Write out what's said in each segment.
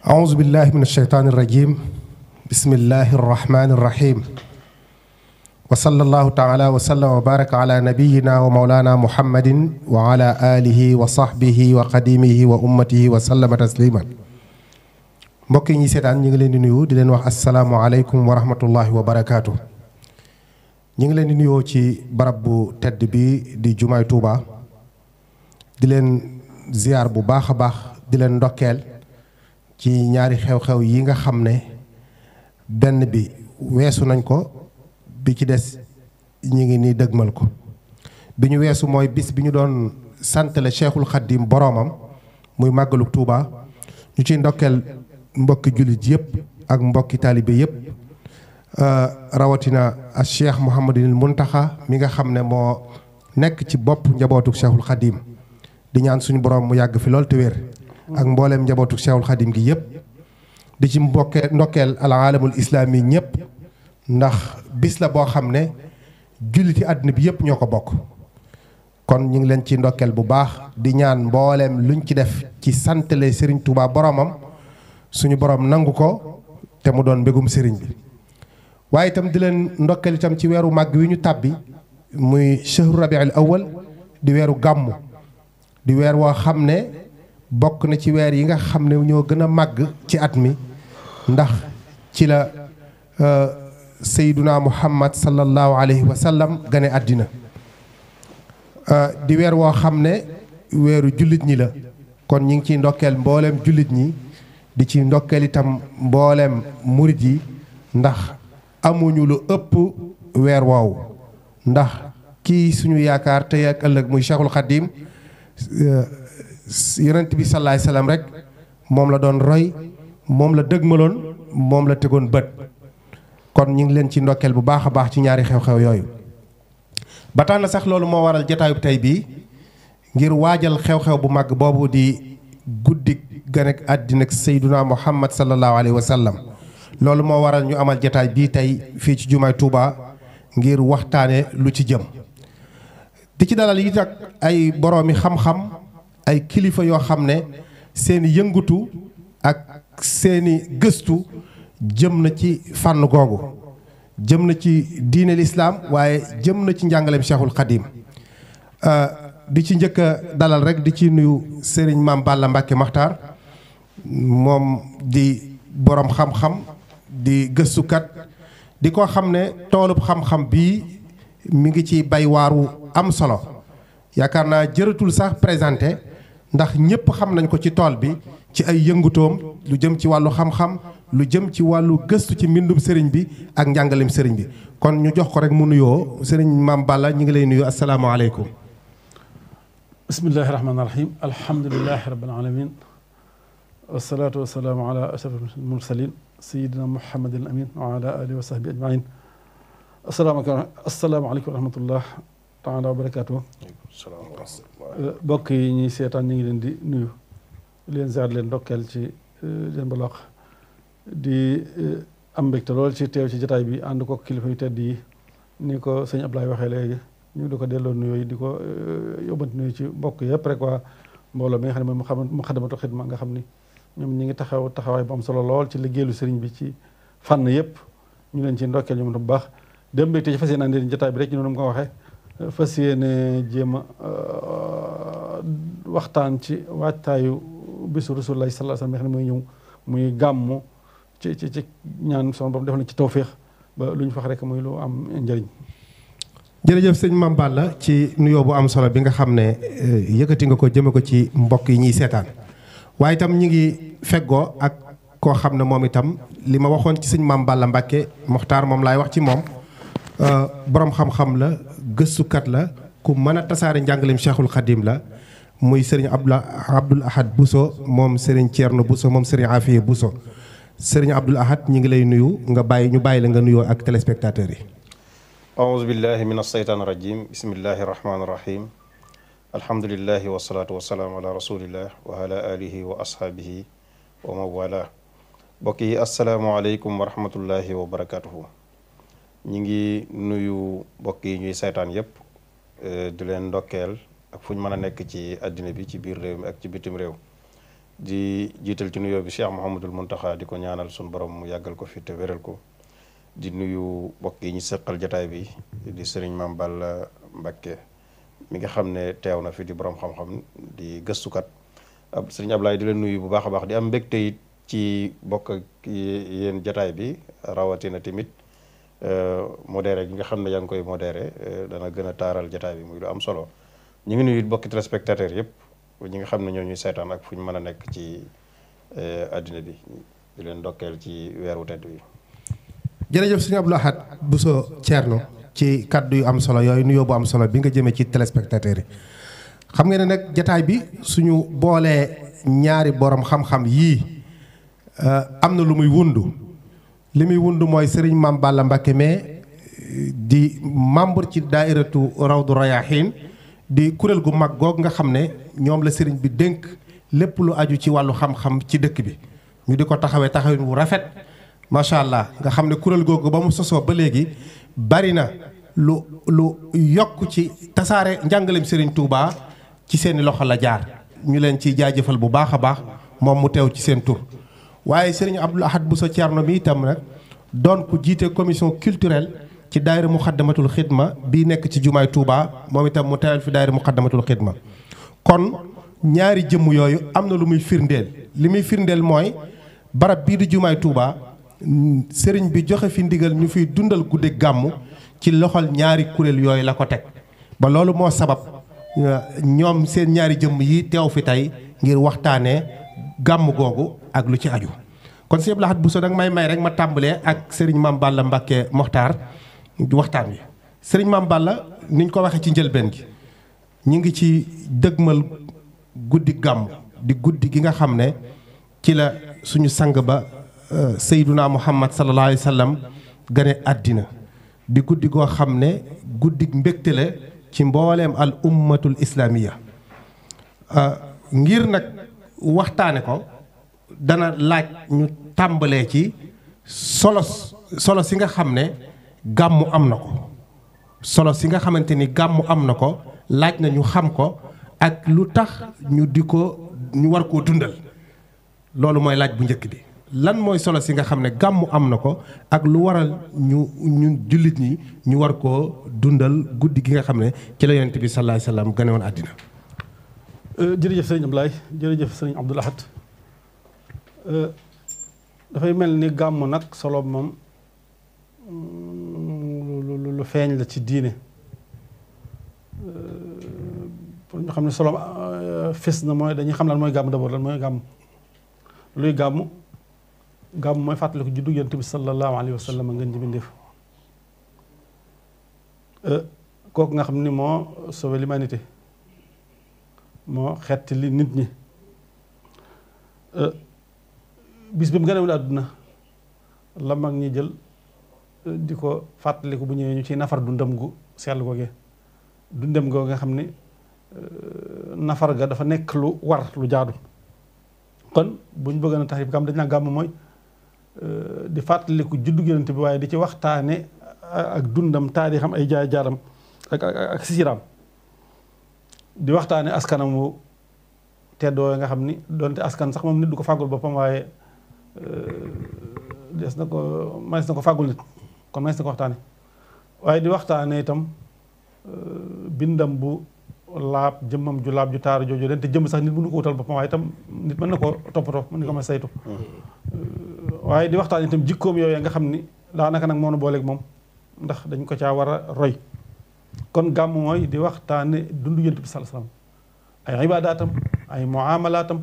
أعوذ بالله من الشيطان الرجيم بسم الله الرحمن الرحيم وصلى الله تعالى وسلم وبارك على نبينا ومولانا محمد وعلى آله وصحبه وقديمه وأمته وسلم تسليما mbokk yi ñuy seetaan ñu ngi leen di nuyu di leen wax asalaamualeykum wa rahmatullahi wa barakaatu. ñu ngi leen di nuyoo ci barab bu tedd bi di jumaay Touba di leen ziar bu baax a baax di leen ndokkeel ci ñaari xew-xew yi nga xam ne benn bi weesu nañ ko bi ci des ñu ngi nii dëgmal ko bi ñu weesu mooy bis bi ñu doon santale Cheikhul Khadim boroomam muy màggalug tuuba ñu ci ndokkeel mbokki jullit yëpp ak mbokki taalibe yëpp euh, rawatina ak Cheikh Mouhamadinil taxa mi nga xam ne moo nekk ci bopp njabootu Cheikhul xaddiim di ñaan suñu borom mu yàgg fi lool te wér ak mbooleem njabootu Cheikhul Khadim gi yëpp di ci mbokkee ndokkeel al alamul islami ñëpp ndax bis la boo xam ne julliti àddina bi yëpp ñoo ko bokk kon ñu ngi leen ci ndokkeel bu baax di ñaan mbooleem luñ ci def ci santale Serigne Touba boromam suñu boroom nangu ko te mu doon mbégum sëriñ bi waaye itam di leen ndokkeel itam ci weeru màgg wi ñu tàbbi muy chahru rabiul awal di weeru gàmmu di weer woo xam ne bokk na ci weer yi nga xam ne ñoo gën a màgg ci at mi ndax ci la euh, sayduna muhammad sallallahu alayhi wa sallam gane àddina euh, di weer woo xam ne weeru jullit ñi la kon ñu ngi ciy ndokkeel mbooleem jullit ñi di ci ndokkeel itam mbooleem murit yi ndax amuñu lu ëpp weer woowu ndax kii suñu yaakaar tey ak ëllëg muy cheikhul xadim euh, yonent bi salaay salaam rek moom la doon roy moom la dëgmaloon moom la tegoon bët kon ñu ngi leen ci ndokkeel bu baax a baax ci ñaari xew-xew yooyu ba tax na sax loolu moo waral jataayub tey bii ngir waajal xew-xew bu mag boobu di guddi gane ak àddina ak sayduna muhammad sallallahu alayhi wa sallam loolu moo waral ñu amal jataay bii tey fii ci jumaay tuuba ngir waxtaane lu ci jëm di ci dalal yi nag ay boroomi xam-xam ay kilifa yoo xam ne seeni yëngatu ak seeni gëstu jëm na ci fànn googu jëm na ci diine lislaam waaye jëm na ci njàngaleem Cheikhul Khadim euh, di ci njëkk a dalal rek di ci nuyu Serigne Maam Balla Mbacke Maxtaar moom di boroom xam-xam di gëstukat di ko xam ne toolub xam-xam bii mi ngi ci bay waaru am solo yaakaar naa jëratul sax présenté ndax ñëpp xam nañ ko ci tool bi ci ay yëngutoom lu jëm ci wàllu xam-xam lu jëm ci wàllu gëstu ci mbindum sëriñ bi ak njàngaleem sëriñ bi kon ñu jox ko rek mu nuyoo sëriñ Maam Balla ñu ngi lay nuyu asalaamaaleykum. bismillahi rahmaani rahiim alhamdulilahi rabbil aalamiin wasalaatu wasalaamu ala ashrafil mursaliin sayyidina muhammadin amiin wa ala aalihi wa sahbihi ajmaiin asalaamaaleykum wa Euh, bokk yi ñuy seetaan ñu ngi leen di nuyu leen ziar leen ndokkeel ci euh, leen ba di euh, am mbégte lool ci teew ci jataay bi ànd ko kilifa yu tedd yi ni ko sëñ Ablaye waxee léegi ñu di ko delloo nuyoo yi di ko yóbbante nuyu ci mbokk yëpp rek waa mbooloo mi nga xam ne moom mu xadamatu xidma nga xam ni ñoom ñi ngi taxaw taxawaay bu am solo lool ci liggéeyu sëriñ bi ci fànn yëpp ñu leen ci ndokkeel ñoom bu baax dem mbégte ci fas naa leen bi rek ñu noonu ko waxee fas yéene jéem a euh, waxtaan ci waajtaayu bisu rasulullahi sallallahu alayhi mooy ñëw muy gàmmu ci ci ci ñaan sama borom def na ci tawféex ba lu ñu fax rek muy lu am njëriñ. jërëjëf sëñ Mame la ci nuyoo bu am solo bi nga xam ne euh, yëkkati nga ko jëme ko ci mbokk yi ñuy seetaan waaye itam ñu ngi feggoo ak koo xam ne moom itam li ma waxoon ci sëñ Mame Balla Mbacke Moxtaar moom laay wax ci moom. Euh, borom xam-xam la gëstukat la ku mën a tasaare njàngaleem Cheikhul Khadim la muy sëriñ Abdoul Abdoul Ahad Bousso moom sëriñ bu Bousso moom sëriñ bu so sëriñ Abdoul Ahad ñu ngi lay nuyu nga bàyyi ñu bàyyi la nga nuyoon ak téléspectateurs yi. aouzu billahi min asheytaan rajim bismillahi rahmaani rahim alhamdulilahi wasalaatu wasalaamu ala wa ala alihi wa ashaabihi wa mawala mbokk yi asalaamaaleykum wa rahmatullahi wa barakatuhu ñi ngi nuyu mbokk yi ñuy seetaan yépp eh, di leen ndokkeel ak fuñ ñu mën a nekk ci àddina bi ci biir réew mi ak ci bitim réew di jiital ci nuyoo bi mu Cheikh Mouhamadul Mountakha di ko ñaanal suñu borom mu yàggal ko fi te wéral ko di nuyu mbokk yi ñu seqal jataay bi di sëriñ Mame bal mbakke mi ngi xam ne teew na fi di borom xam-xam di gëstukat ab sëriñ Ablaye di leen nuyu bu baax a baax di am mbégte ci bokk ak yéen jataay bi rawatina tamit. Euh, modéré gi nga xam ne yaa ngi koy modéré euh, dana gën a taaral jataay bi muy lu am solo ñu ngi nuy bokki téléspectateurs yëpp ñi nga xam ne ñoo ñuy seetaan ak fu ñu mën a nekk ci àddina euh, bi di leen ndokkeel ci weeru tedd bi. jërëjëf sëñ Abdou Lahad Bousso Thierno ci kaddu yu am solo yooyu nuyoo bu am solo bi nga jëmee ci téléspectateurs yi xam nga ne nag jataay bi suñu boolee ñaari borom xam-xam yii am na lu muy wundu li muy wund mooy sëriñ Maam Balla Mbakke mais di membre ci daairatu Rawdu Rayaahiin di kuréel gu mag goog nga xam ne ñoom la sëriñ bi dénk lépp lu aju ci wàllu xam-xam ci dëkk bi ñu di ko taxawee taxawin wu rafet macha allah nga xam ne kuréel googu ba mu sosoo ba léegi bari na lu lu yokk ci tasaare njàngaleem sëriñ Touba ci seeni loxo la jaar ñu leen ci jaajëfal bu baax a baax moom mu teew ci seen tur waaye sëriñ Abdoul Ahad Bousso Thierno bi itam nag doon ku jiite commission kulturel ci daayira muxaddamatul xidma bii nekk ci jumaay Touba moom itam mu teewal fi daayira muxaddamatul xidma kon ñaari jëmm yooyu am na lu muy firndeel li muy firndeel mooy barab bii di jumaay Touba sëriñ bi joxe fi ndigal ñu fiy dundal guddi gàmmu ci loxol ñaari kuréel yooyu la ko teg ba loolu moo sabab ñoom seen ñaari jëmm yi teew fi tey ngir waxtaanee. gàmm googu ak lu ci aju kon sëñ Abdou Lahad Bousso nag may may rek ma tàmbalee ak sëriñ Maam Balla Mbàkke Moxtaar waxtaan wi sëriñ Maam Balla ni ñu ko waxee ci njëlbeen gi ñu ngi ci dëgmal guddi gàmm di guddi gi nga xam ne ci la suñu sang ba euh, Seyduna Muhammad sallallahu alayhi wa sallam gane àddina di guddi goo xam ne guddi mbégte la ci mbooleem al ummatul islaamiya euh, ngir nag waxtaane ko dana laaj ñu tàmbalee ci solo solo si nga xam ne gàmmu am na ko solo si nga xamante ni gàmmu am na ko laaj na ñu xam ko ak lu tax ñu di ko ñu war koo dundal loolu mooy laaj bu njëkk bi lan mooy solo si nga xam ne gàmmu am na ko ak lu waral ñu ñu jullit ñi ñu war koo dundal guddi gi nga xam ne ci la yonent bi sallallahu alayhi wasallam gane àddina Euh, jërëjëf sëriñ Ablaye jërëjëf sëriñ Abdou Lahad euh, dafay mel ni gàmmu nag solo moom mm, lu feeñ la ci diine euh, pour ñu xam ne solo fis na mooy dañuy xam na mooy gàmm d'abord lan mooy gàmm luy gàmm gàmm mooy fàttaliku juddu yonent bi sallallahu alayhi wa sallam ngeen ji bindéef kooku nga xam ni moo sauvé l'humanité moo xetti li nit ñi euh, bis bi mu gënewul àdduna la mag ñi jël euh, di ko fàttaliku bu ñëwee ñu ciy nafar dundam gu sell googee dundam goo nga xam ni euh, nafar ga dafa nekk lu war lu jaadu kon bu ñu bëggoon a tax gàmm dañ naa gàmm mooy di fàttaliku juddu Yonent bi waaye di ci waxtaane ak dundam taarixam ay jaay jaaram ak ak ak sisiraam di waxtaane askanamu teddoo nga xam ni donte askan sax moom nit du ko fàggul boppam waaye euh, des na ko manes na ko fàggul waaye di waxtaane itam euh, bindam bu laab jëmmam ju laab ju taaru jooju den te jëmm sax nit mënu ko wutal itam nit mën na ko toppatoo mën na ko saytu euh, waaye di waxtaane itam jikkoom yooyu nga xam ni daanaka nag moo nu booleeg moom ndax dañ ko caa war a roy kon gàmm mooy di waxtaane dundu yonent bi sallallahu alayhi wasallam ay ibadaatam ay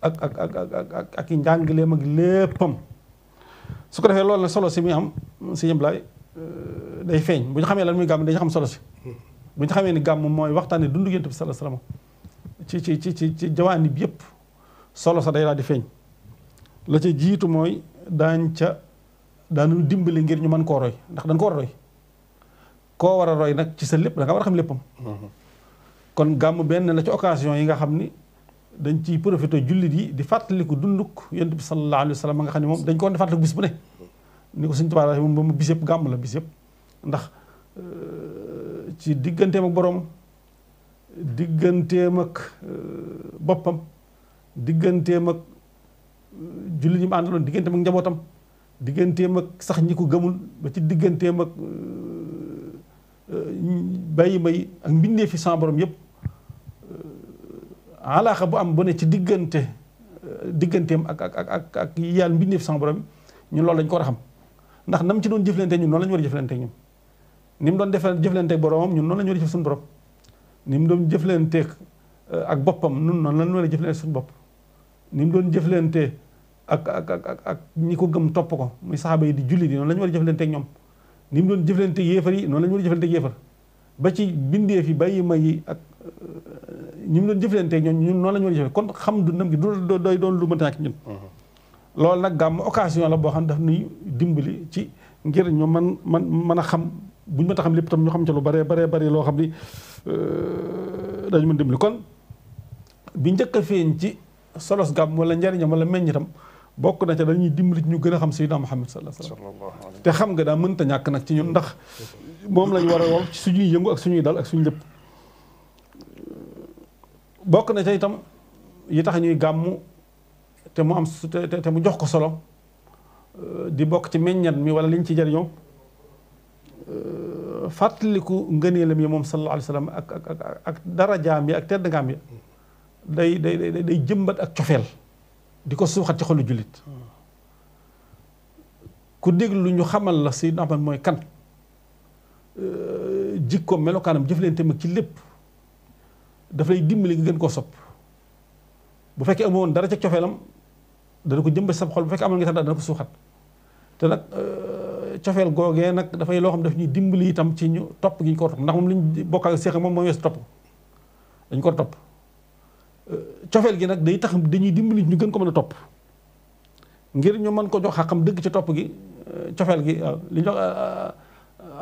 ak ak ak ak ak ak i njàngaleem ak léppam su ko defee loolu nag solo si muy am si yëmblaay euh, day feeñ bu ñu xamee lan muy gàmm dañu xam solo si bu ñu xamee ni gàmm mooy waxtaane dundu yonent bi sallallahu alayhi ci ci ci ci ci jawaani bi yëpp solo sa day daal di feeñ la ca jiitu mooy daañ ca daanu dimbali ngir ñu mën koo roy ndax dañ ko war roy koo war a roy nag ci sa lépp da nga war a xam léppam kon gàmm benn la ci occasion yi nga xam ni dañ ci profité jullit yi di fàttaliku dunduk yonent bi sallallahu alayhi wa sallam nga xam ne moom dañ koo woon di fàttaliku bis bu ne ni ko suñ tubaab moom moom bis yëpp gàmm la bis yëpp ndax euh, ci digganteem ak borom digganteem ak euh, boppam digganteem ak euh, jullit yi mu àndaloon digganteem ak njabootam digganteem ak sax ñi ko gëmul ba ci digganteem ak Euh, bàyyi may ak mbindee fi sama borom yëpp euh, alaaxa bu am bu ne ci diggante euh, digganteem ak ak ak ak ak yàlla mbindee fi sama borom ñun loolu lañ ko war a xam ndax nam ci doon jëflante ñun noonu lañu ñu war a jëflante ñun ni mu doon defee jëflante ak boromam ñun noonu a jëf suñu borom ni mu doon jëflanteeg ak boppam nun noonu la ñu war bopp ni mu doon jëflante ak ak ak ak ñi ko gëm topp ko muy saxaaba yi di julli di noonu la ñu war a jëflante ñoom ni mu doon jëflante yéefar yi noonu la ñu doon jëflante yéefar ba ci bindee fi bàyyi ma yi ak ñi euh, mu doon jëflante ñoom ñun noonu la ñu doon jëflante kon xam dundam gi du doy doon lu mënta ak ñun mm-hmm. loolu nag gàmm occasion la boo xam ne daf nuy dimbali ci ngir ñoom man man mën a xam bu ñu mën a xam lépp tam ñu xam ca lu bare bare bare loo xam ni euh, dañu mën dimbali kon bi njëkk a ci solos gàmm wala njariñam wala meññ bokk na ca dañuy dimbali ñu gën a xam sayyidina Muhammad sallallahu alayhi wasallam te xam nga daa mënta ñàkk nag ci ñun ndax moom lañ war a wax su ñuy yëngu ak suñuy dal ak suñu lépp bokk na ca itam yi tax ñuy gàmmu te mu am te mu jox ko solo euh, di bokk ci meññat mi wala liñ ci jariñoo euh, fàttaliku ngëneelam yi moom sallallahu alayhi ak ak ak darajaam yi ak tedd ngaam yi day day day day jëmbat ak cofeel di ko suuxat ci xolu jullit ku lu ñu xamal la Seydina Ahmad mooy kan euh, jikkoom melokaanam jëflanteem ak ci lépp dafay dimbali nga gën koo sopp bu fekkee amoo woon dara ca cofeelam dana ko jëmbat sab xol bu fekkee amoon nga sax dana ko suuxat te nag euh, cofeel googee nag dafay loo xam daf ñuy dimbali itam ci ñu topp gi ñu ko topp ndax moom li ñu bokk ak moom mooy weesu topp dañ ko topp cofeel gi nag day tax dañuy dimbali ñu gën ko mën a topp ngir ñu mën ko jox xaqam dëgg ci topp gi euh, cofeel gi li jox euh, euh,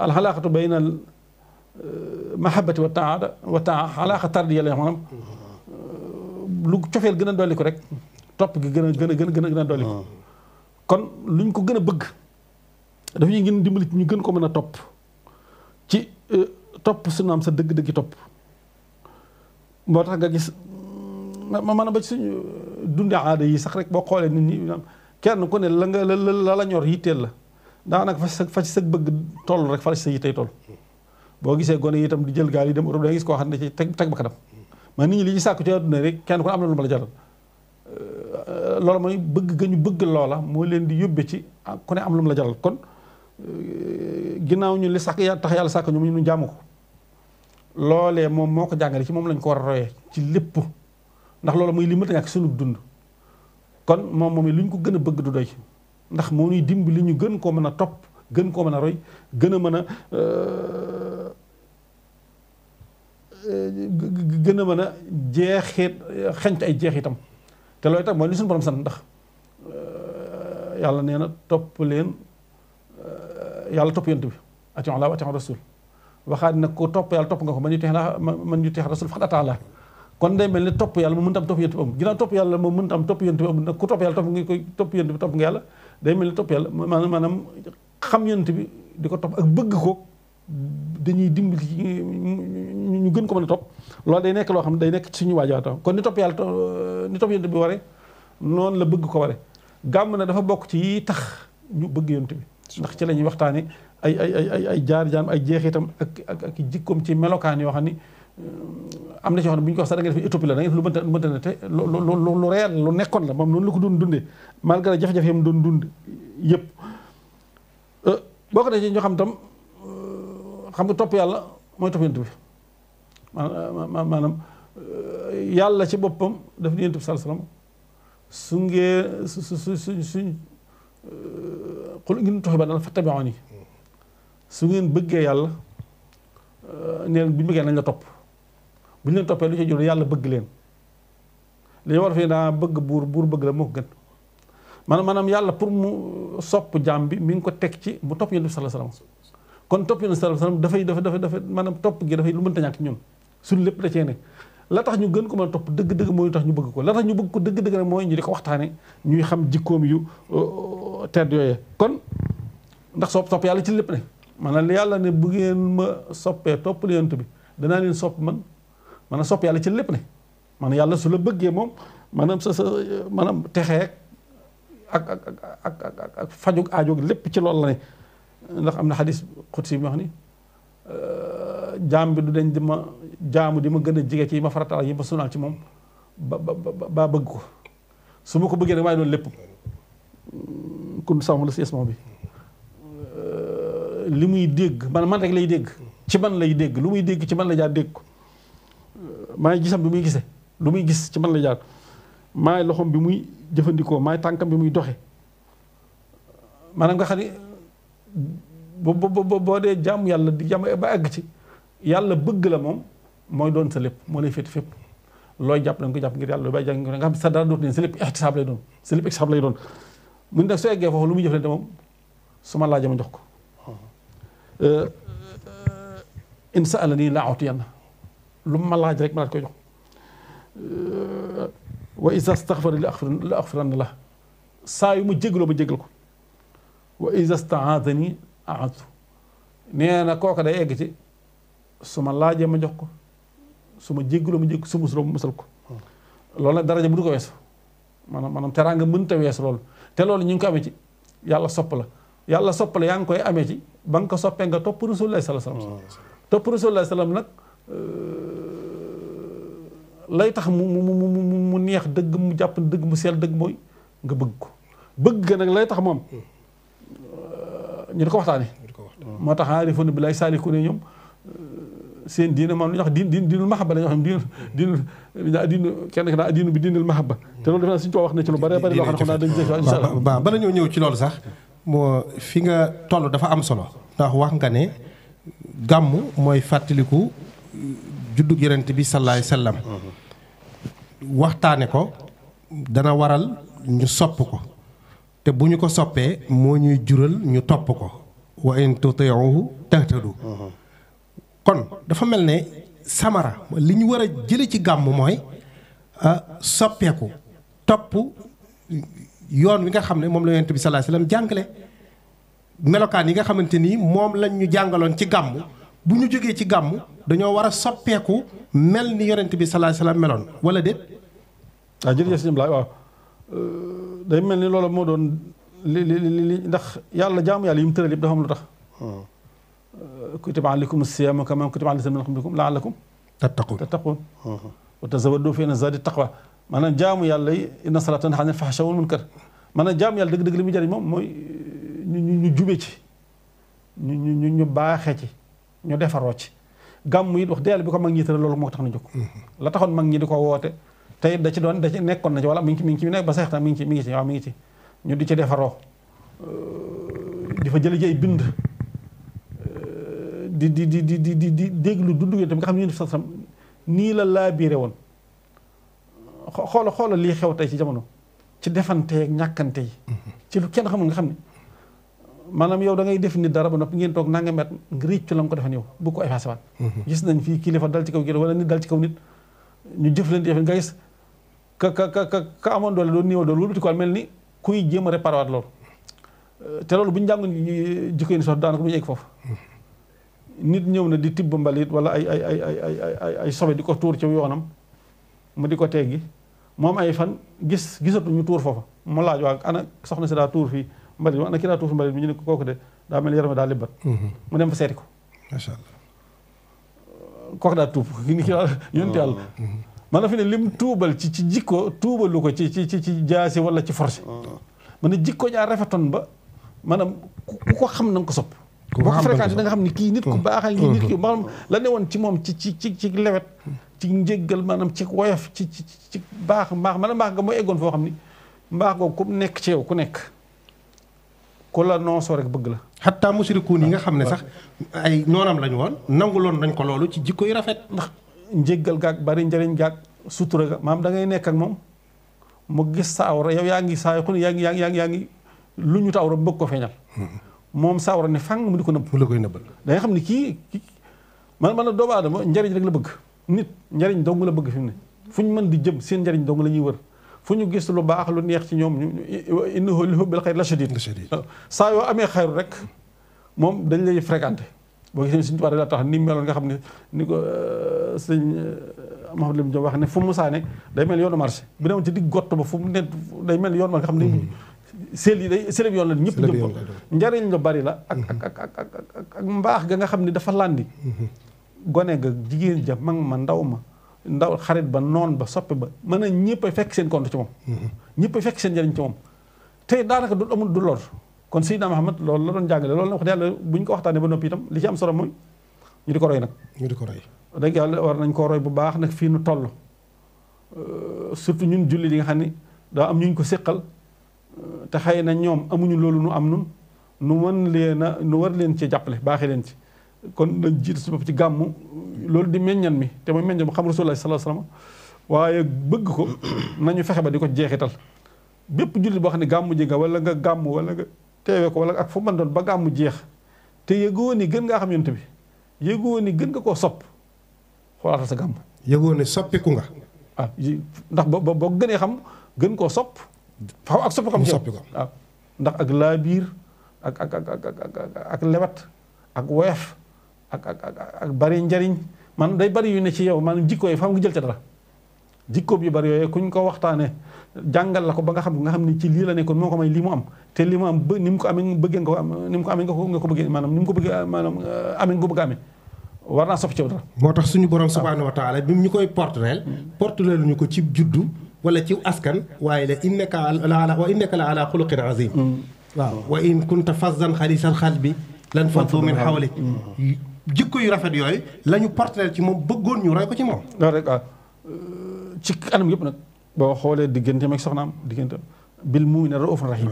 alxalaaqatu bayna al mahabati wa taa wa taa xalaaqa tardiya la lu cofeel gën a dolli ko rek topp gi gën a gën a gën a gën a dolli ko ah. kon luñ ko gën a bëgg dafa ñuy gën dimbali ñu gën ko mën a topp ci topp sunaam sa dëgg-dëgg topp moo tax nga gis ma mën a ba ci suñu euh, dundi aada yi sax rek boo xoolee nit ñi kenn ku ne la nga la la ñor yitteel la daanaka fa sa fa ci sa bëgg toll rek fa la ci sa yittey toll boo gisee gone yi itam di jël gaal yi dem Europe da nga gis koo xam ne ci teg teg ba kanam ma nit ñi li ñu sàkku ci àdduna rek kenn ku ne am na lu ma la jaral euh, loola mooy bëgg ga ñu moo leen di yóbbe ci ah, ku am lu mu la jaral kon euh, ginnaaw ñu li sàkk ya tax yàlla sàkk ñoom ñu nu jaamu ko loolee moom moo ko jàngale ci moom lañ ko war a royee ci lépp ndax loolu mooy li mat a ñàkk sunu dund kon moom moom lu ñu ko gën a bëgg du doy ndax moo ñuy dimbali ñu gën koo mën a topp gën koo mën a roy gën a mën a euh, gën a mën a jeexit xenc ay jeexitam te loolu itam mooy li suñu borom sant ndax euh, yàlla nee na topp leen euh, yàlla topp yonent bi atiiwu Allaah wa atiiwu rasul waxaat nag koo topp yàlla topp nga ko man ñu teex la man ñu teex rasul faqad ataa kon day mel ni topp yàlla moom mënut am topp yonent bi amul ginnaaw topp yàlla moom mënut am topp yonent bi amul nag ku topp yàlla koy topp yonent bi topp day mel ni topp yàlla maanaam maanaam xam yonent bi di ko topp ak bëgg ko dañuy dimbali ñu gën ko mën a topp loolu day nekk loo xam ne day nekk suñu waajaata kon ni topp yàlla ni topp yonent noonu la bëgg ko gàmm na dafa bokk ci yi tax ñu bëgg yonent bi ndax ci la ñuy waxtaane ay ay ay ay jaar jaam ay jeexitam ak ak ak jikkoom ci melokaan yoo xam ni am na ci wax ne bu ñu ko wax sax da nga def utopie la da nga lu mënta te lu lu lu nekkoon la moom noonu ko doon dundee malgré jafe-jafe yam doon dund yëpp euh, bokk na ci ñoo xam tam euh, xam nga topp yàlla mooy topp yonent maanaam euh, yàlla ci boppam daf ni yonent bi sallallaahu alayhi su suñ xul ngeen toxi ba daal fattabi'uuni su ngeen bëggee yàlla neen bu ñu bëggee nañ la topp bu ñu leen toppee lu ci jur yàlla bëgg leen li ñu war fii daa bëgg buur buur bëgg la moo gën maanaam maanaam yàlla pour mu sopp jaam bi mi ngi ko teg ci mu topp yonent bi sallallahu alayhi kon topp yonent sallallahu alayhi dafay dafa dafa dafa maanaam topp gi dafay lu mënta ñàkk ñun suñ lépp da cee ne la tax ñu gën ko mën topp dëgg-dëgg mooy tax ñu bëgg ko la ñu bëgg ko dëgg-dëgg nag mooy ñu di ko waxtaane ñuy xam jikkoom yu uh, uh, tedd kon ndax sopp sopp yàlla ci lépp ne maanaam yàlla ne bu ngeen ma soppee topp leent bi danaa leen sopp man maanaam sopp yàlla ci lépp ne maanaam yàlla su la bëggee moom maanaam sa sa maanaam texee ak ak ak ak fajug aajoog lépp ci loolu la ne ndax am na xadis xutsi bi wax ni euh, jaam bi du dañ di ma jaamu di ma gën a jige ci yi ma farataal yi ma sunal ci moom ba bëgg ko su ma ko bëggee rek maay doon lépp kun sama la euh, li muy dégg man man rek lay dégg ci man lay dégg lu muy dégg ci man la jaa dégg ko maay gisam bi muy gisee lu muy gis ci man la jaar maay loxoom bi muy jëfandikoo maay tànkam bi muy doxe maanaam nga xam boo dee jaamu yàlla di jaamu ba àgg ci yàlla bëgg la moom mooy doon sa lépp moo lay féeti fépp jàpp da nga ko jàpp ngir yàlla looy bàyyi jàng nga xam sa dara dootu neen sa lépp ixtisaab lay doon sa lépp ixtisaab lay doon mu ne nag soo eggee foofu lu muy jëflante moom su ma laajee ma jox ko uh-huh. uh, in sa'alanii laa u'tiyannahu lu ma laaj rek ma laaj koy jox wa isa staxfara li axfir la axfiranna la saa yu ma jégloo ba jégal ko wa isa staazani aatu nee na kooka day egg ci su ma laajee ma jox ko su ma jégloo ma jég su musuloo ma musal ko loolu nag daraja bu du ko weesu maanaam maanaam teraanga mënta weesu loolu te loolu ñu ngi ko amee ci yàlla sopp la yàlla sopp la yaa koy amee ci ba ko soppee nga topp rasulullah sallallahu alayhi mm. topp rasulullah sallallahu alayhi nag Euh, lay tax mu mu mu mu neex dëgg mu jàpp dëgg mu seel dëgg mooy nga bëgg ko bëgg ga nag lay tax moom hmm. euh, ñu di ko waxtaane moo tax aarifuuna billaahi saalikuuna ñoom euh, seen diine moom lu ñuy wax diin diin diinul maxaba la ñuy wax diin diin diinu kenn ki naa diinu bi diinul maxaba te loolu defe naa wax na ci lu bëree bëri loo xam ne xam naa dañ jëf ñoo ñëw ci loolu sax moo fi nga toll dafa am solo ndax wax nga ne gàmm mooy fàttaliku juddu yonent bi salaay sallam waxtaane ko dana waral ñu sopp ko te bu ñu ko soppee moo ñuy jural ñu topp ko wa in tutiuhu kon dafa mel ne samara li ñu war a jële ci gàmm mooy ah, soppeeku topp yoon wi nga xam ne moom la yonent bi salaay sallam jàngale melokaan yi nga xamante nii moom lañ ñu jàngaloon ci gàmm bu ñu jógee ci gàmm dañoo war a soppeeku mel ni yonent bi sallallahu alayhi wasallam meloon wala déet. waaw ah, jërëjëf sëñ Ablaye waaw euh, mel ni loolu moo doon li ndax yàlla jaamu yàlla yi mu tëral yëpp dafa am lu tax. Hmm. Euh, kutiba alaykum as-siyaam kamaa kutiba alal laziina min qablikum la'allakum tattaquun tattaquun hmm. wa tazawwadu fa inna zaadi taqwa maanaam jaamu yàlla yi inna salaata tanhaa anil fahshaa'i wal munkar maanaam jaamu yàlla dëgg-dëgg li muy moom mooy ñu ñu jube ci ñu ñu ñu baaxee ci. ñu defaroo ci gàmm it wax dëgg bi ko mag ñi tëral loolu moo tax na jóg mm-hmm. la taxoon mag ñi di ko woote tey da ci doon da ci nekkoon na ci wala mi ngi ci mi ngi ci nekk ba sax tam mi ngi ci mi ngi ñu di ci defaroo euh, di fa jële ji ay bind euh, di di di di di di déglu dundu yonent nga xam ne yonent bi nii la laabiire woon xoola xoola lii xew tey ci jamono ci defanteeg ñàkkante yi mm-hmm. ci lu kenn xamul nga xam ne maanaam yow da ngay def nit dara ba noppi ngeen toog nanga met nga réccu la nga ko defoon yow bu ko effacé waat mm-hmm. gis nañ fii kilifa dal ci kaw kilifa wala nit dal ci kaw nit ñu jëflante nga gis ka ka ka amoon doole doon néewal doole wëlbati ko mel ni kuy jéem a réparé euh, te loolu bu ñu jàngoon yi ni sox daanaka bu ñu egg mm-hmm. nit ñëw na di tibb mbalit wala ay ay ay ay ay ay sobe di ko tuur ci yoonam mu di ko teggi moom ay fan gis gisatu ñu tuur foofa mu laaj waa ana soxna si daa tuur fii mbalit ma ana ki daa tuur mbalit mi ñu ne ko kooku de daa mel yaram daa libbat mhm. mu ko macha allah kooku daa tuub ni ki yonent yàlla oh. mhm. maanaam fi ne lim tuubal ci ci jikko tuubalu ko ci ci ci ci jaasi wala ci forcé oh. man ne jikko jaa rafetoon ba maanaam ku ko xam na nga ko sopp boo ko fréquenté nga xam ne kii nit ko mm. baax a ngi nit ki mm. la ne woon ci moom ci ci ci ci lewet ci njéggal maanaam ci woyof ci ci ci baax mbaax maanaam mbaax nga mooy eggoon foo xam ni mbaax ko ku nekk ci yow ku nekk ku la noosoo rek bëgg la. xataa musrikuun yi nga xam ne sax ay noonam lañu woon nanguloon nañ ko loolu ci jikko yu rafet. ndax njëggal gaag bari njëriñ gaag sutura ga maam da ngay nekk ak moom mu gis sa awra yow yaa ngi saa ko xam ne yaa ngi yaa ngi lu ñu taw awra bëgg ko feeñal. Mm-hmm. moom sa awra ne fang mu di ko nëbb. mu la koy nëbbal da xam ne kii man man la doomu aadama njëriñ rek la bëgg nit njëriñ dong la bëgg fi mu ne fu ñu mën di jëm seen njëriñ dong la ñuy wër fu ñu gis lu baax lu neex ci ñoom ñu innahu li hubbil xayr la shadid ah. saa yoo amee xayru rek moom dañ lay fréquenté boo gisee suñu tubaab la tax ni meloon nga xam ne ni ko sëñ Mouhamed Lim Diop wax ne fu mu musaa day mel yoonu marché bu demoon ci gott ba fu mu ne day mel yoon ma nga xam ne mm-hmm. seel yi day seel yoon la ñëpp jëm ko njariñ lu bari la mm-hmm. ak ak ak ak mbaax ga nga xam ne dafa landi mm-hmm. gone ga jigéen ja mag ma ndaw ma ndaw xarit ba noon ba soppi ba mën a ñëpp fekk seen compte ci moom mhm. ñëpp fekk seen njëriñ ci moom te daanaka du amul du lor kon Seydina Muhammad loolu la doon jàngale loolu na wax yàlla bu ko waxtaanee ba noppi itam li ci am solo mooy ñu di ko roy nag ñu di ko roy dëgg yàlla war nañ koo roy bu baax nag fii nu toll euh, surtout ñun julli yi nga xam ne daa am ñu ko séqal euh, te xëy na ñoom amuñu loolu nu am nun nu mën leen a nu war leen ci jàppale baaxe leen ci kon nañ jiit suñu bopp ci gàmmu loolu di meññan mi te mooy meññan mu xam rasulullah sallallahu alayhi wasallam waaye bëgg ko nañu fexe ba di ko jeexital bépp jullit boo xam ne gàmmu ji nga wala nga gàmmu wala nga teewee ko wala ak fu man doon ba gàmmu jeex te yëgoo ni gën ngaa xam yonent bi yëgoo ni gën nga koo sopp xoolaatal sa gàmm. yëgoo nga. ah ndax boo boo xam gën koo sopp. faw ak soppi ko am soppi ko ah, ndax ak laabiir ak ak ak ak ak lewet ak woyof ak ak bari njariñ man day bari yu ne ci yow man jikko yi fa nga jël ca dara jikkoom yu bari yooyu kuñ ko waxtaanee jàngal la ko ba nga xam nga xam ni ci lii la nekkoon moo ko may lii mu am te lii mu am ni mu ko bëggee nga ko am ni mu ko amee ko nga ko bëggee maanaam ni ko bëggee maanaam uh, amee nga ko bëgg amee war naa sof ci yow dara. moo tax suñu borom ah. subhaanahu wa taala bi ñu koy porteel. Hmm. porteel ñu ko ci juddu wala ci askan. waaye la innaka la ala wa innaka la ala xuluqin azim. Hmm. waaw wa in kunta fazzan xalisal xalbi lan faddu min xawlik jikko yu rafet yooyu la ñu portrait ci moom bëggoon ñu roy ci moom. loolu rek ah, ci anam yëpp nag boo xoolee digganteem ak soxnaam digganteem bil mu'minin raufun rahim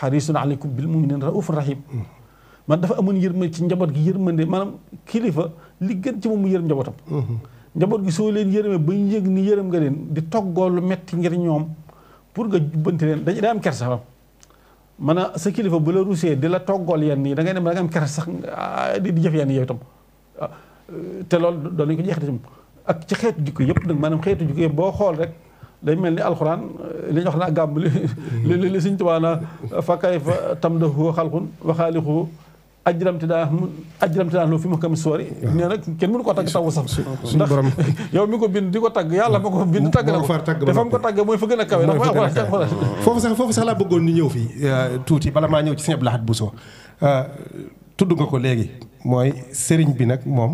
xarisun aleykum bil mu'minin raufun rahim mm. man dafa amoon yërmande ci njaboot gi yërmande maanaam kilifa li gën moom mu yërëm njabootam. Mm-hmm. njaboot gi soo leen yërëmee ba ñu yëg ni yërëm nga leen di toggoo lu metti ngir ñoom pour nga jubbante leen dañuy am kersa man a sa kilifa bu la rusee di la toggool yenn nii da ngay dem da nga am keres sax ah, di jëf yenn yow itam ah, te loolu doon nañu ko jeexite itam ak ci xeetu jikko yëpp nag maanaam xeetu jikko yëpp boo xool rek day mel ni alxuraan eh, li ñu wax naa gàmm li li li Sëñ Tuubaa naa fa kayfa tamdahu xalqun wa xaaliquhu ajramtidaa ajramtidaa loo fi ma kam soori nee nag kenn mënu ko tàgg tàggu sax suñu borom yow mi ko bind di ko tagg yàlla ma ko bind tàgg na ko te fa mu ko tàgg mooy fa gën a kawe foofu sax foofu sax laa bëggoon ñu ñëw fi euh, tuuti bala maa ñëw ci sëñ Abdou Lahad euh, tudd nga ko léegi mooy sëriñ bi nag moom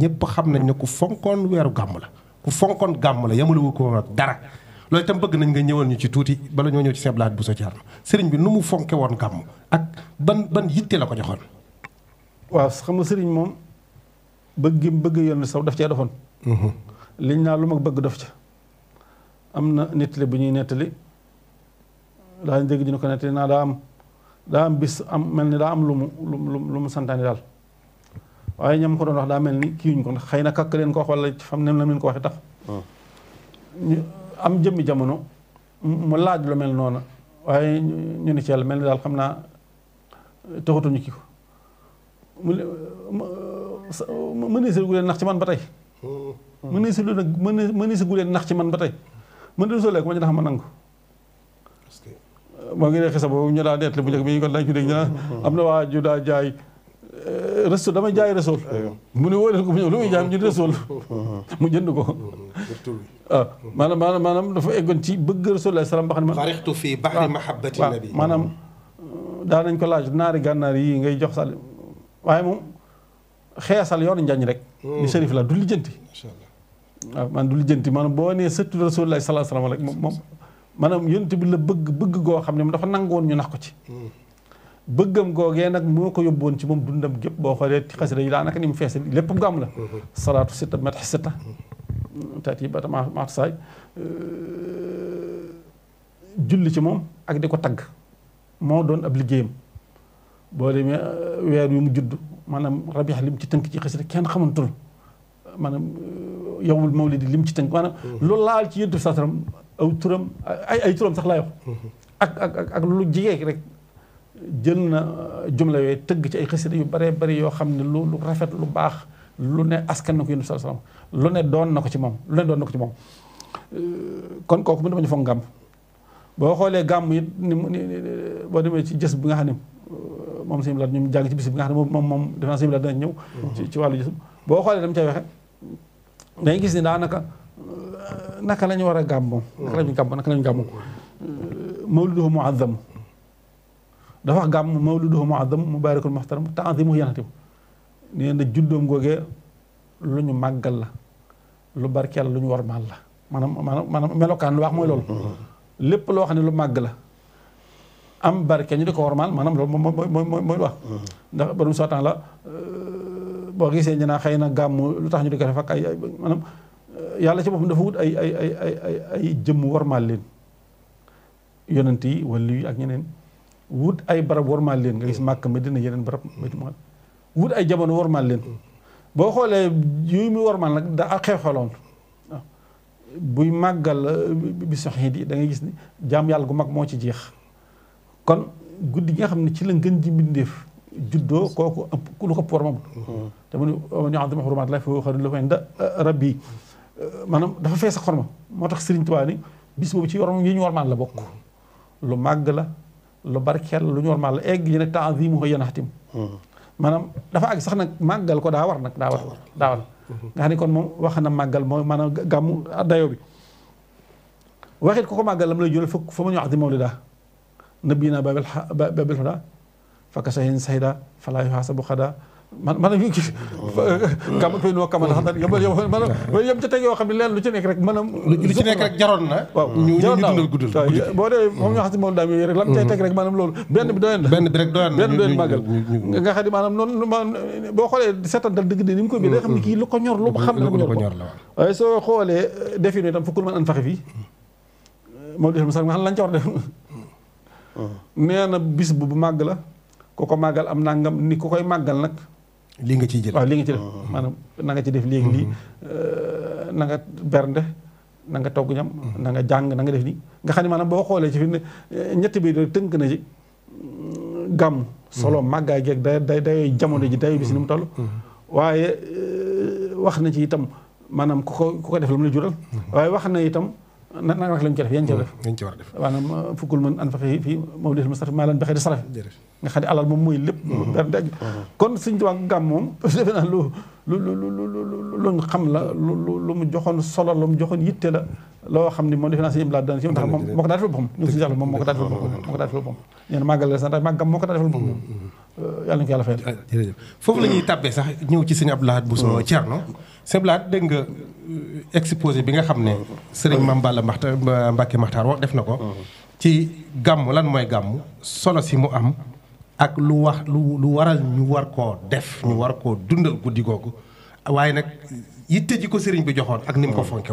ñëpp xam nañ ne ku fonkoon weeru gàmm la ku fonkoon gàmm la yamaluwu ko dara loolu itam bëgg nañ nga ñëwal ñu ci tuuti bala ñoo ñëw ci Sëñ Lahad Bousso Thierno sëriñ bi nu mu fonke woon gàmm ak ban ban yitte la ko joxoon. waaw xam sëriñ moom bëgg bëgg yoon saw daf cee dofoon. Mhm. liñ naa lu mag bëgg dof ca am na nettali bu ñuy nettali daañu dégg ñu ko nettali naa daa am daa am bis am mel ni daa am lu mu lu mu lu mu santaane daal. waaye ñam ko doon wax daa mel ni kii ñu ko ndax xëy na kakk leen ko wax wala ci fam nem la leen ko wax tax. Oh. am jëmmi jamono mu laaj lu mel noonu waaye ñu ni ci yàlla mel ni daal xam naa taxatuñu kii ko mu menuisier gu leen nax ci man ba tey mm-hmm. menuisier lu nag menuisier gu leen nax ci man ba tey mën di solee ko ma ñu tax ma nangu moo ngi dee xisa boobu ñu daa deet li bu njëkk bi ñu ko dañ ko dégg ñu mm-hmm. am na waa ju daa jaay Euh, resto damay jaay resool mu ne woo leen ko mu ñëw lu muy jaay mu jënd resool mu jënd ko waaw ah, maanaam maanaam maanaam dafa eggoon ci bëgg resool alayhi salaam ba xam ne xarixtu fi bahri mahabbati nabi maanaam euh, daa nañ ko laaj naari gànnaar yi ngay jox sal waaye moom xeesal yoonu njañ rek ni hmm. sharif la du lijjanti waaw ah, man du lijjanti maanaam boo nee sëttu rasul alayhi salaam rek moom moom maanaam yonent bi la bëgg bëgg goo xam ne dafa nangoon ñu nax ko ci hmm. bëggam googee nag moo ko yóbboon ci moom dundam gépp boo xoolee ci xasida yi daanaka ni mu feesal lépp gàmm la salaatu sitta mat sitta tati bata maat saay euh, julli ci moom ak di ko tagg moo doon ab liggéeyam boo demee euh, weer yu mu judd maanaam rabiix lim ci tënk ci xasida kenn xamantul maanaam euh, yowul mawlidi lim ci tënk maanaam loolu laal ci yëntu sasaram aw turam ay ay turam sax laay wax mm-hmm. ak ak ak lu jigee rek jël na euh, jumla yooyu tëgg ci ay xasida yu bare bari yoo xam ne lu lu rafet lu baax lu ne askan na ko yónni sallallahu alayhi ne doon na ko ci moom lu ne doon ko ci moom euh, kon kooku mu dama ñu foog boo xoolee gàmm it ni mu ni boo demee ci jës bi nga xam ne euh, moom sëñ Laat ñu jàng ci bis bi nga xam moom moom defe naa sëñ Laat dinañ ñëw ci wàllu jës boo xoolee dama cay waxe dañuy gis daanaka naka lañu ñu war a gàmmoo naka la ñu gàmmoo naka la ñu gàmmoo mawliduhu muazzam dafa wax gàmm mawluduhu muazzam mu muhtaram ta'zimuhu mu nee na juddoom googee lu ñu màggal la lu barkeel lu ñu warmaal la maanaam maanaam melokaan lu wax mooy loolu mm-hmm. lépp loo xam ne lu màgg la am barke ñu di ko warmaal maanaam loolu moom mooy mooy mooy lu wax mm-hmm. ndax borom sootaan la euh, boo gisee ñu xëy na gàmmu lu tax ñu di ko def euh, yàlla ci boppam dafa wut ay ay ay ay ay jëmm warmaal leen yonent yi wala lii ak ñeneen wut ay barab warmaal leen nga gis màkk Medina yeneen barab ma wut ay jamono warmaal leen boo xoolee yooyu muy warmaal nag da ak xew xeloon ah. buy màggal euh, bi gis ni jaam yàlla gu mag moo ci jeex kon guddi gi nga xam ne ci la ngën ji mbindeef juddoo kooku ëpp lu ko mm-hmm. te mu ne ñu xam dama xurumaat yi maanaam dafa fees ak moo tax Sëriñ Tuubaa ni bis boobu ci warma yi la bokk lu màgg la lu barkeel lu normal la egg ñu ne tanzimuhu yanhatim maanaam dafa àgg sax nag màggal ko daa war nag daa war daa war nga xam ne kon moom wax na màggal mooy maanaam gàmmu dayo bi waxit ko ko màggal lam lay jural fukk fa ma ñu wax di mawlida nabi na babil huda fakka sahin sahida fala yuhasabu xada man man gi kamapéynoo kamata xam tan yobal yo maanaam ba yem ca teg yoo xam ne leen lu ci nekk rek maanaam lu ci nekk rek jaroon na waaw jaroon na boo dee moom ñoo xam si moom daam yooyu rek lam cay mm. teg rek maanaam loolu benn bi doyoon na benn bi rek doyoon na benn doyoon màggal nga xam ne maanaam noonu ma boo xoolee seetantal dëgg de ni mu ko bi day xam ne kii lu ko ñor lu ko xam ne ñor ko waaye soo xoolee eh, defino itam fukkul man an faxe fii moom def sax nga xam lañ ca war def mm. nee na bis bu bu màgg la ku ko màggal am nangam ni ku koy màggal nag lii nga ciy jël waaw lii nga ci def ah. maanaam na nga ci def léegi lii mm-hmm. euh, na nga bernde na nga togg ñam mm-hmm. na nga jàng na nga def nii nga xam ne maanaam boo xoolee ci fii ne euh, ñetti bi tënk na ci mm, gàmm solo mm-hmm. màggaay geeg day day day jamono ji day bis ni mu toll waaye euh, wax na ci itam maanaam ku ko ku ko def la la jural waaye wax na itam na nga wax lañ ci def yéen ci def hmm, yéen ci war a def maanaam fukkul mën an faxe fii moom des ma sat maa leen baxee di sarafe xam ne alal moom mooy lépp hmm, hmm. berdeg la lu lu mu joxoon solo lu mu joxoon yitte la loo xam ne moom defe naa si imlaat daan si ndax moom moo ko daa defal boppam ñu moom ko daa defal boppam moo ko daa defal boppam ñeen màggal ko daa defal boppam Euh, yàlla na ah, foofu la ñuy tàbbee sax ñëw ci sëñ Abdou Lahad Bousso mm. Thierno. sëñ Abdou Lahad dégg nga euh, exposé bi nga xam ne. sëriñ Mame Balla Maxtaar Mbacke Maxtaar wax def na ko. Mm. ci gàmm lan mooy gàmm solo si mu am ak lu wax lu lu waral ñu war koo def. ñu war koo dundal guddi googu waaye nag yitte ji ko sëriñ bi joxoon ak ni mu ko mm. fonke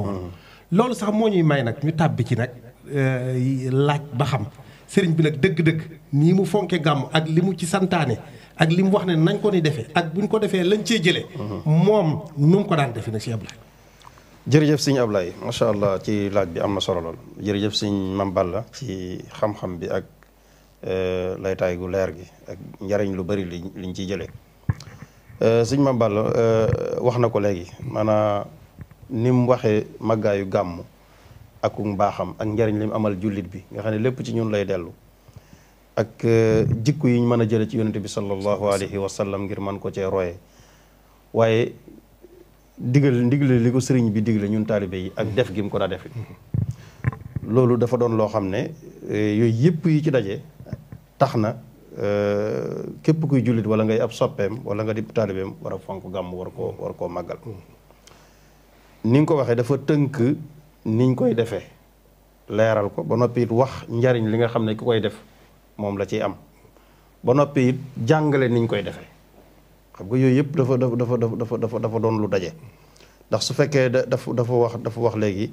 loolu sax moo ñuy may nag ñu tàbbi ci nag euh, laaj ba xam. sëriñ bi nag dëgg-dëgg nii mu fonke gàmm ak li mu ci santaane ak li mu wax ne nañ ko ni defee ak buñ ko defee lañ cee jëlee. moom nu mu ko daan defee nag si Ablaye. jërëjëf sëñ Ablaye macha allah ci laaj bi am na solo lool jërëjëf sëñ Mame Balla ci xam-xam bi ak euh, laytaay gu leer gi ak njariñ lu bari li liñ ciy jëlee. Euh, sëñ Mame Balla euh, wax na ko léegi maanaam ni mu waxee màggaayu gàmm ak mbaaxam ak njariñ li amal jullit bi nga xam ne lépp ci ñun lay dellu ak euh, jikko yi ñu mën a jële ci yonente bi sallallahu alayhi wa sallam ngir man ko cee roye waaye digal ndigle li ko sëriñ bi digle ñun taalibe yi ak def gi mu ko daa def loolu dafa doon loo xam ne euh, yooyu yëpp yi ci daje tax na euh, képp kuy jullit wala ngay ab soppeem wala nga di taalibeem war a fonk gàmm war ko war koo màggal mm. ni ko waxee dafa tënk niñ koy defee leeral ko ba noppi it wax njariñ li nga xam ne ki koy def moom la ciy am ba noppi it jàngale niñ koy defee xam nga yooyu yëpp dafa dafa dafa dafa dafa dafa doon lu daje ndax su fekkee dafa dafa wax dafa wax léegi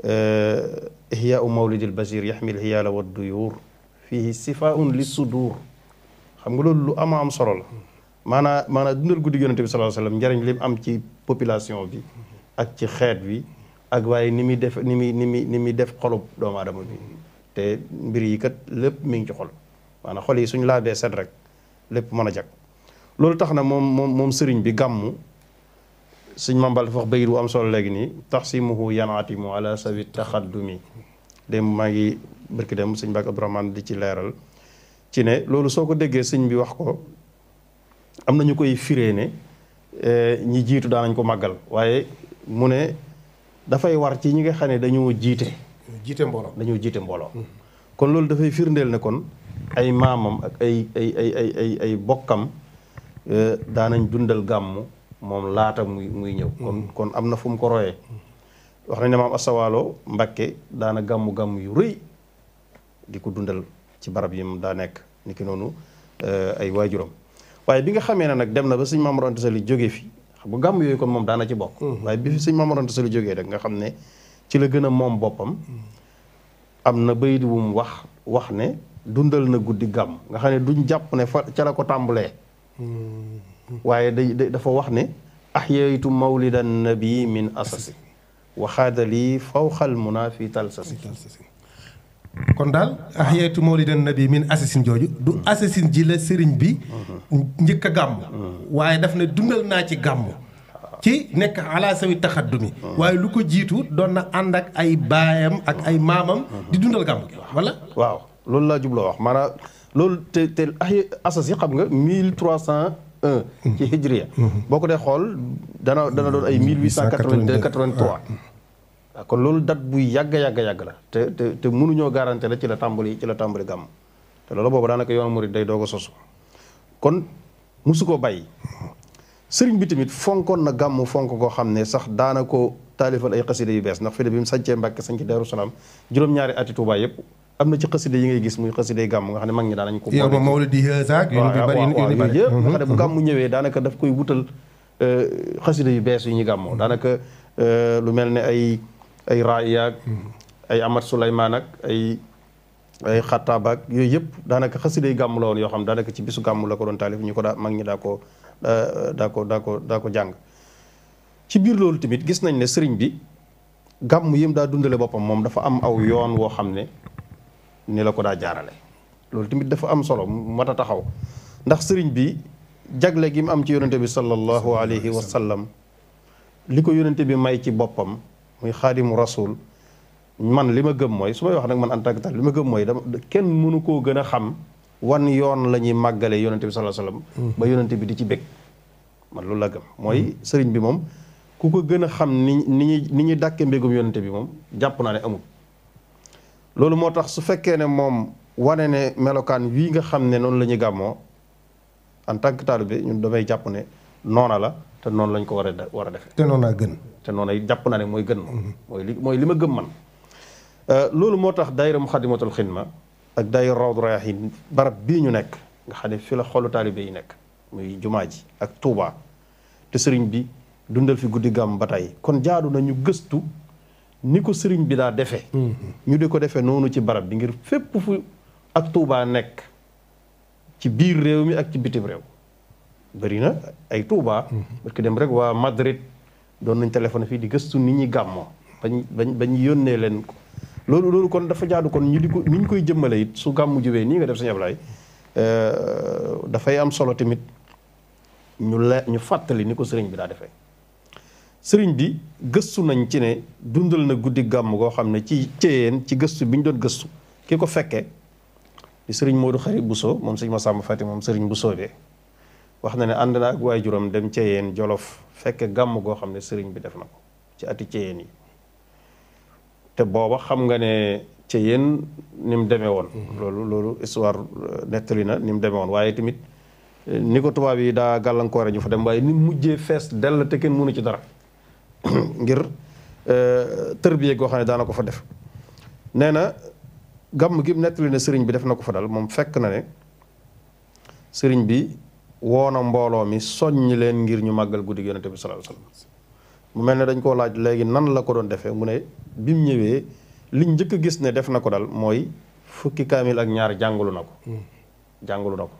eh, ihyaau mawlidil basir yaxmil hiyaala wa duyuur fihi sifaun li sudur xam nga loolu lu ama am solo la maanaa maanaa dundal guddi yonente bi sallallahu alayhi njariñ li am ci population bi ak ci xeet wi ak waaye ni muy def ni muy ni muy ni muy def xolub doomu aadama bi te mbir yi kat lépp mi ngi ci xol maanaam xol yi suñ laa laabee set rek lépp mën a jag loolu tax na moom moom moom sëriñ bi gàmmu suñ mambal fax bayit bu am solo léegi nii tax si muhu yanaatimu ala sawi taxaddumi démb maa ngi barki dem suñ bàkk abdourahman di ci leeral ci ne loolu soo ko déggee sëñ bi wax ko am na ñu koy firee ne eh, ñi jiitu daanañ ko màggal waaye mu ne dafay war ci ñi nga xam ne dañoo jiite. jiite mbooloo dañoo jiite mbooloo. kon loolu dafay firndeel ne kon ay maamam ak ay ay ay ay ay ay bokkam euh, daanañ dundal gàmmu moom laata muy muy ñëw. kon mm-hmm. kon am na fu mu ko royee. wax na ne maam Asawalo Mbakke daana gàmmu gàmmu yu rëy di ko dundal ci barab yi mu daa nekk niki noonu euh, ay waajuram waaye bi nga xamee ne nag dem na ba suñ maam Mor Anta Sali jóge fi. bu gàmm yooyu kon moom daana ci bokk mm-hmm. waaye bi fi sëñ Maam Mor Anta Sali jógee rek nga xam ne ci la gën a moom boppam mm-hmm. am na bayit wu wax wax ne dundal na guddi gàmm nga xam ne duñ jàpp ne fa ca la ko tàmbalee mm-hmm. waaye day dafa wax ne ahyaytu mawlidan nabi min asasi waxaadali fawxal munaa fi talsasi kon daal ahiyatu mawlidan nabi min assasine jooju du assasine ji la sëriñ bi njëkk a gàmm waaye daf ne dundal naa ci gàmm ci nekk ala sawi taxaddumi waaye lu ko jiitu doon na ànd ak ay baayam ak ay maamam di dundal gàmm gi waaw loolu laa jubloo wax maanaam loolu te te ahiya asas yi xam nga 1301 ci hijriya mhm. boo ko dee xool dana dana doon ay 1882 83 Ah, kon loolu date bu yàgg yàgg yàgg la te te te mënuñoo garanté la ci la tàmbali ci la tàmbali gàmm te loolu boobu daanaka yoonu murid day doo ko sosu kon musu ko bàyyi sëriñ bi tamit fonkoon na gàmmu fonk koo xam ne sax daana ko taalifal ay xasida yu bees ndax fi ne bi mu sañcee Mbàkke sañc Daaru Salaam juróom-ñaari ati Tuubaa yëpp am na ci xasida yi ngay gis muy xasida gàmm nga xam ne mag ñi daanañ ko yow ma mawlidi hazaak yu bari yëpp nga xam ne bu mhm, gàmm ñëwee daanaka daf koy wutal euh, xasida yu bees yu ñuy gàmmoo mhm. daanaka euh, lu mel ne ay ay raaya ak ay Amad Suleymaan ak ay ay xattaab ak yooyu yëpp daanaka xasiday gàmm la woon yoo xam daanaka ci bisu gàmm ko doon taalif ñu ko daa mag ñi daa ko daa ko daa ko daa ko jàng ci biir loolu tamit gis nañ ne sëriñ bi gàmm yim daa dundale boppam moom dafa am aw yoon woo xam ne ni la ko daa jaarale loolu tamit dafa am solo mat a taxaw ndax sëriñ bi jagle gi mu am ci yonente bi sallallahu alayhi wa sallam li ko yonente bi may ci boppam muy xaadimu rasul man li ma gëm mooy su may wax nag man en tant li ma gëm mooy dama kenn munu koo gën a xam wan yoon la ñuy màggalee yonente bi sallallahu alayhi wasallam mm. ba yonente bi di ci bég man loolu la gëm mooy mm. sëriñ bi moom ku ko gën a xam ni ni ñuy ni ñuy dàkke mbégum yonente bi moom jàpp naa ne amul loolu moo tax su fekkee ne moom wane ne melokaan wii nga xam ne noonu la ñuy gàmmoo en tant que ñun damay jàpp ne noona la te noonu lañ ko war a war a defee. te noonu a gën. te noonu ay jàpp na ne mooy gën moom. Mm-hmm. mooy li mooy li ma gëm man. Euh, loolu moo tax daayira Muxaddamatul Xidma ak daayira Rawdu Rayaahiin barab bii ñu nekk nga xam ne fi la xolu taalibe yi nekk muy jumaa ji ak Touba te sëriñ bi dundal fi guddi gàmm ba tey kon jaadu na ñu gëstu ni ko sëriñ bi daa defee. Mm-hmm. ñu di ko defee noonu ci barab bi ngir fépp fu ak tuubaa nekk ci biir réew mi ak ci bitim réew. bëri na ay Touba. parce que dem rek waa Madrid doon nañ téléphone fii di gëstu nit ñi gàmmoo bañ bañ bañ yónnee leen ko loolu loolu kon dafa jaadu kon ñu di ko ni ñu koy jëmmale it su gàmmu jubee nii nga def sëñ Ablaye euh, dafay am solo tamit ñu la ñu fàttali ni ko sëriñ bi daa defee sëriñ bi gëstu nañ ci ne dundal na guddi gàmm goo xam ne ci ceyeen ci gëstu bi ñu doon gëstu ki ko fekkee di sëriñ Modou bu Bousso moom ma Massamba Fati moom sëriñ bu bee wax na ne ànd na ak waajuram dem Ceyeen Jolof fekk gàmm goo xam ne sëriñ bi def na ko ci ati Ceyeen yi te booba xam nga ne Ceyeen ni mu demee woon mm-hmm. loolu loolu histoire euh, nettali na ni mu demee woon waaye tamit euh, ni ko tubaab yi daa gàllankoore ñu fa dem waaye ni mujjee fees dell te kenn mënu ci dara ngir euh, tërbiye goo xam ne daana ko fa def nee na gàmm gi nettali na sëriñ bi def na ko fa dal moom fekk na ne sëriñ bi woona mbooloo mi soññ leen ngir ñu màggal guddi gi yonente bi sallallahu alayhi wa sallam mu mel ne dañ koo laaj léegi nan la ko doon defee mu ne bi mu ñëwee li njëkk a gis ne def na ko dal mooy fukki kaamil ak ñaar jàngalu na ko hmm. na ko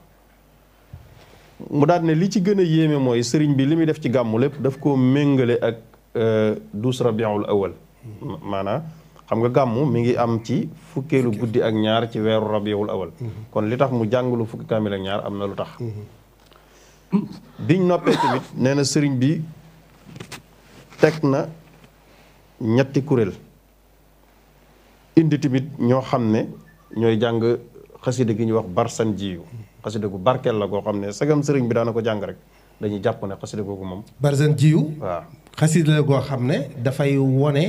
mu daal ne li ci gën a yéeme mooy sëriñ bi li muy def ci gàmmu lépp daf koo méngale ak euh, douze rabiul awal hmm. maanaa xam nga gàmmu mi ngi am ci fukkeelu guddi ak ñaar ci weeru rabiul awal hmm. kon li tax mu jàngalu fukki kaamil ak ñaar am na lu tax biñ noppee tamit nee na sëriñ bi teg na ñetti kuréel indi tamit ñoo xam ne ñooy jàng xasida gi ñu wax barsan jiyu xasida gu barkeel la goo xam ne sagam sëriñ bi daana ko jàng rek dañuy jàpp ne xasida googu moom barsan jiyu waaw xasida la goo xam ne dafay wone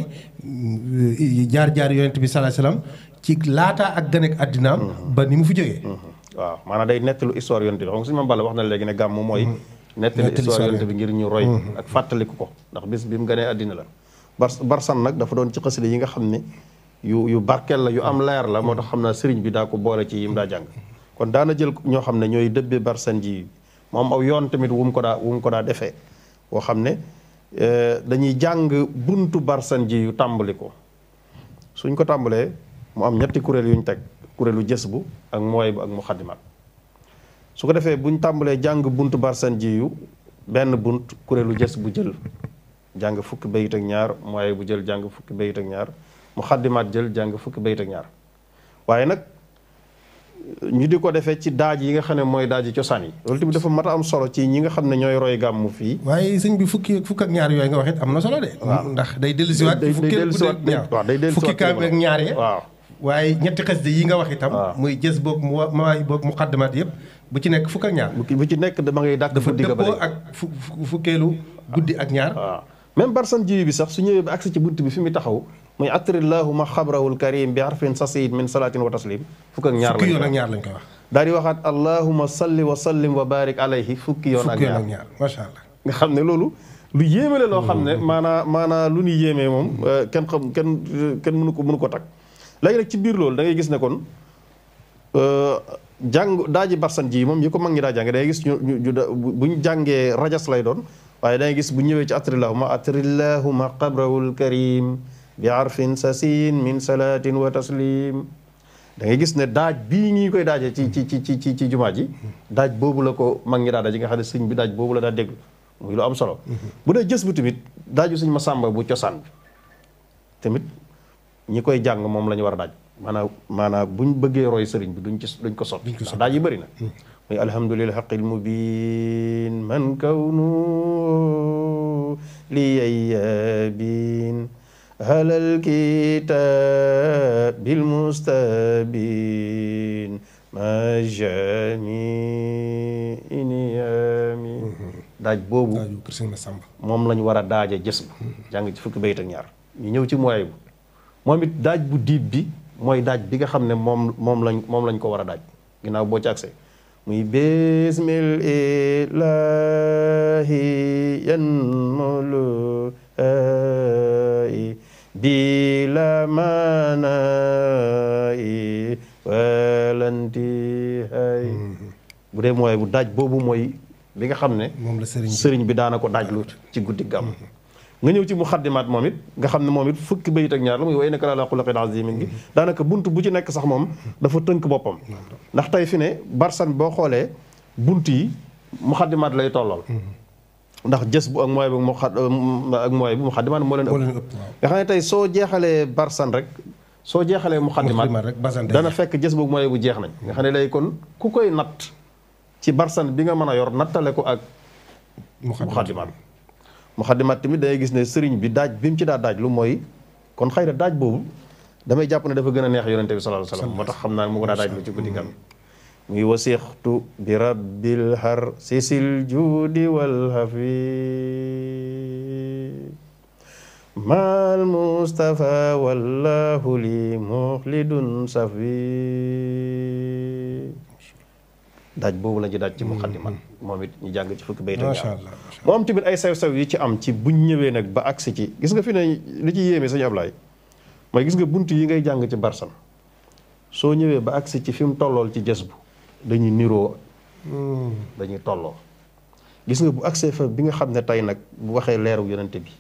jaar-jaar yonent bi sallallahu ci laata ak gën ak àddinaam mm-hmm. ba ni mu fi jógee mm-hmm. waaw maanaam day nettalu histoire yonte bi xam nga suñu mam balla wax na léegi ne gàmm mooy mm-hmm. nettali histoire yonte bi ngir ñu roy mm-hmm. ak fàttaliku ko ndax bis bi mu gënee àddina la bar barsan nag dafa doon ci xasida yi nga xam ne yu yu barkeel la yu am leer la moo tax xam naa sëriñ bi daa ko boole ci yim daa jàng kon daana jël ñoo xam ne ñooy dëbbe barsan ji moom aw yoon tamit wu mu ko daa wu ko daa defee boo xam ne eh, dañuy jàng buntu barsan ji yu tàmbali ko suñ ko tàmbalee mu am ñetti kuréel yuñ teg kuréelu jës bu ak mooy bu ak mu xaddimaat su ko defee buñ tàmbalee jàng buntu barsan ji yu benn bunt kuréelu jës bu jël jàng fukki bayit ak ñaar mooy bu jël jàng fukki bayit ak ñaar mu xaddimaat jël jàng fukki bayit ak waaye nag ñu di ko defee ci daaj yi nga xam ne mooy daaji cosaan yi loolu tamit dafa mat am solo ci ñi nga xam ne ñooy roy gàmmu fii waaye sëñ bi fukki fukk ak ñaar yooyu nga wax it am na solo de ndax day dellusiwaat fukki ak ñaar waaw waaye ñetti xasida yi nga wax itam. Ah. muy jës boog mu wa mawaay boog mu yëpp bu ci nekk fukk ak ñaar. bu ci nekk dama ngay dàq. dafa dëppoo ak fu fukkeelu guddi ak ñaar. Ah. même barsan jiw bi sax su ñëwee ba agsi ci bunt bi fi mu taxaw muy atrillahu ma xabrawul karim bi harfin sasid min salaatin wa taslim fukk ak ñaar lañ koy wax fukki yoon ak ñaar lañ koy wax. di waxaat allahuma salli wa sallim wa barik alayhi fukki yoon ak ñaar fukki yoon ak ñaar macha allah. nga xam ne loolu. lu yéeme la loo xam ne hmm. maanaa maanaa lu ñuy yéemee moom euh, kenn kenn kenn mënu ko mënu ko takk léegi nag ci biir loolu dangay gis ne kon euh, jàng daaji barsan ji moom yi ko mag ñi daa jànge da gis ñu bu ñu jàngee rajas lay doon waaye da gis bu ñëwee ci atrilahuma atrilahuma qabrawul karim bi arfin sasin min salatin wa taslim da ngay gis ne daaj bi ñuy koy daajee ci ci ci ci ci jumaa ji daaj boobu la ko mag ñi daa daaj nga xam ne sëñ bi daaj boobu la daa déglu muy lu am solo mm-hmm. bu dee jës bu tamit daaju sëñ ma sàmba bu cosaan bi tamit ñi koy jàng moom la ñu war a daaj maanaam maanaam buñ bëggee roy sëriñ bi duñ ci duñ ko soppi ndax daaj yi bëri na hmm. muy alhamdulil haqil man kawnu li yayyabin halal kitabil mustabin majami iniyami hmm. daaj boobu moom lañ war a daaje jës hmm. jàng ci fukki bayit ak ñaar ñu ñëw ci mooy bu moom it daaj bu diib bi mooy daaj bi nga xam ne moom moom lañ moom lañ ko war a daaj ginnaaw boo ci agsee muy bismil ilahi yan la maana i hay mm-hmm. bu dee mooy bu daaj boobu mooy bi nga xam ne. moom la sëriñ bi sëriñ bi daana ko daaj lu ci guddi gàmm. Mm-hmm. nga ñëw ci mu muxaddimaat moom it nga xam ne moom it fukki bayit ak ñaar la muy way naka laa xulaqin azimin gi bu ci nekk sax moom dafa tënk boppam ndax tey fi ne barsan boo xoolee bunt yi muxaddimaat lay tollal ndax jës bu ak mooy bu mu ak mooy bu muxaddimaat moo leen ëpp xam ne tey soo jeexalee barsan rek soo jeexalee muxaddimaat dana fekk jës bu ak mooy bu jeex nañ nga xam ne lay kon ku koy natt ci barsan bi nga mën a yor nattale ko ak muxaddimaat muxaddimaat tamit dangay gis ne sëriñ bi daaj bi mu ci daa daaj lu mooy kon xëy na daaj boobu damay jàpp ne dafa gën a neex yonente bi sallallahu alayhi wasallam moo tax xam naa mu ko daa daaj lu ci guddi gam muy wasixtu bi rabbil har sisil juudi wal hafi maal mustafa wallahu li muxlidun safi daaj boobu la ci daaj ci muxaddimaat moom it ñu jàng ci fukki bayt ak ñaar moo am tamit ay sew saw yi ci am ci buñ ñëwee nag ba agsi ci gis nga fi ne li ci yéeme sañu Ablaay mooy gis nga bunt yi ngay jàng ci barsan soo ñëwee ba agsi ci fi mu tollool ci jës bu dañuy niroo hmm. dañuy tolloo gis nga bu agsee fa bi nga xam ne tey nag bu waxee leeru yonente bi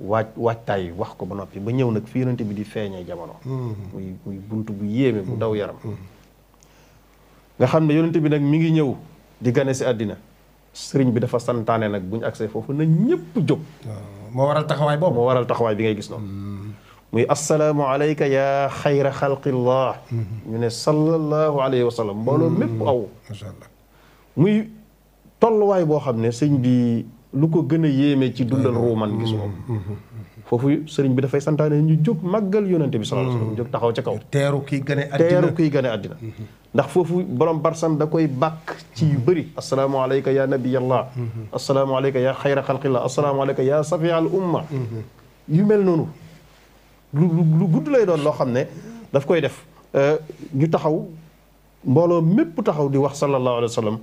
waaj waajtaay wax ko ba noppi ba ñëw nag fi yonente bi di feeñee jamono hmm. muy bunt bu yéeme bu daw yaram hmm. nga xam ne yonente bi nag mi ngi ñëw di gane si àddina sëriñ bi dafa santaane nag bu ñu agsee foofu nañ ñëpp jóg. moo waral taxawaay boobu moo waral taxawaay bi ngay gis noonu. muy assalaamu alayka yaa xayra xalqillah mm-hmm. ñu ne sallallahu alayhi wa sallam. mbooloo mépp mm-hmm. aw. macha muy tolluwaay boo xam ne sëñ bi lu ko gën a yéeme ci dundal mm-hmm. ruu man gis moom. foofu sëriñ bi dafay santaane ñu jóg màggal yonante bi sallallahu alayhi jóg taxaw ca kaw. teeru kiy gane àddina teeru kiy gane àddina. ndax foofu borom barsan da koy bàkk ci yu bëri asalaamaaleyka ya nabiyallah asalaamaaleyka ya xayra xalqillah asalaamaaleyka ya safial umma yu mel noonu lu lu gudd lay doon loo xam ne daf koy def ñu taxaw mbooloo mépp taxaw di wax sallallahu alayhi wa sallam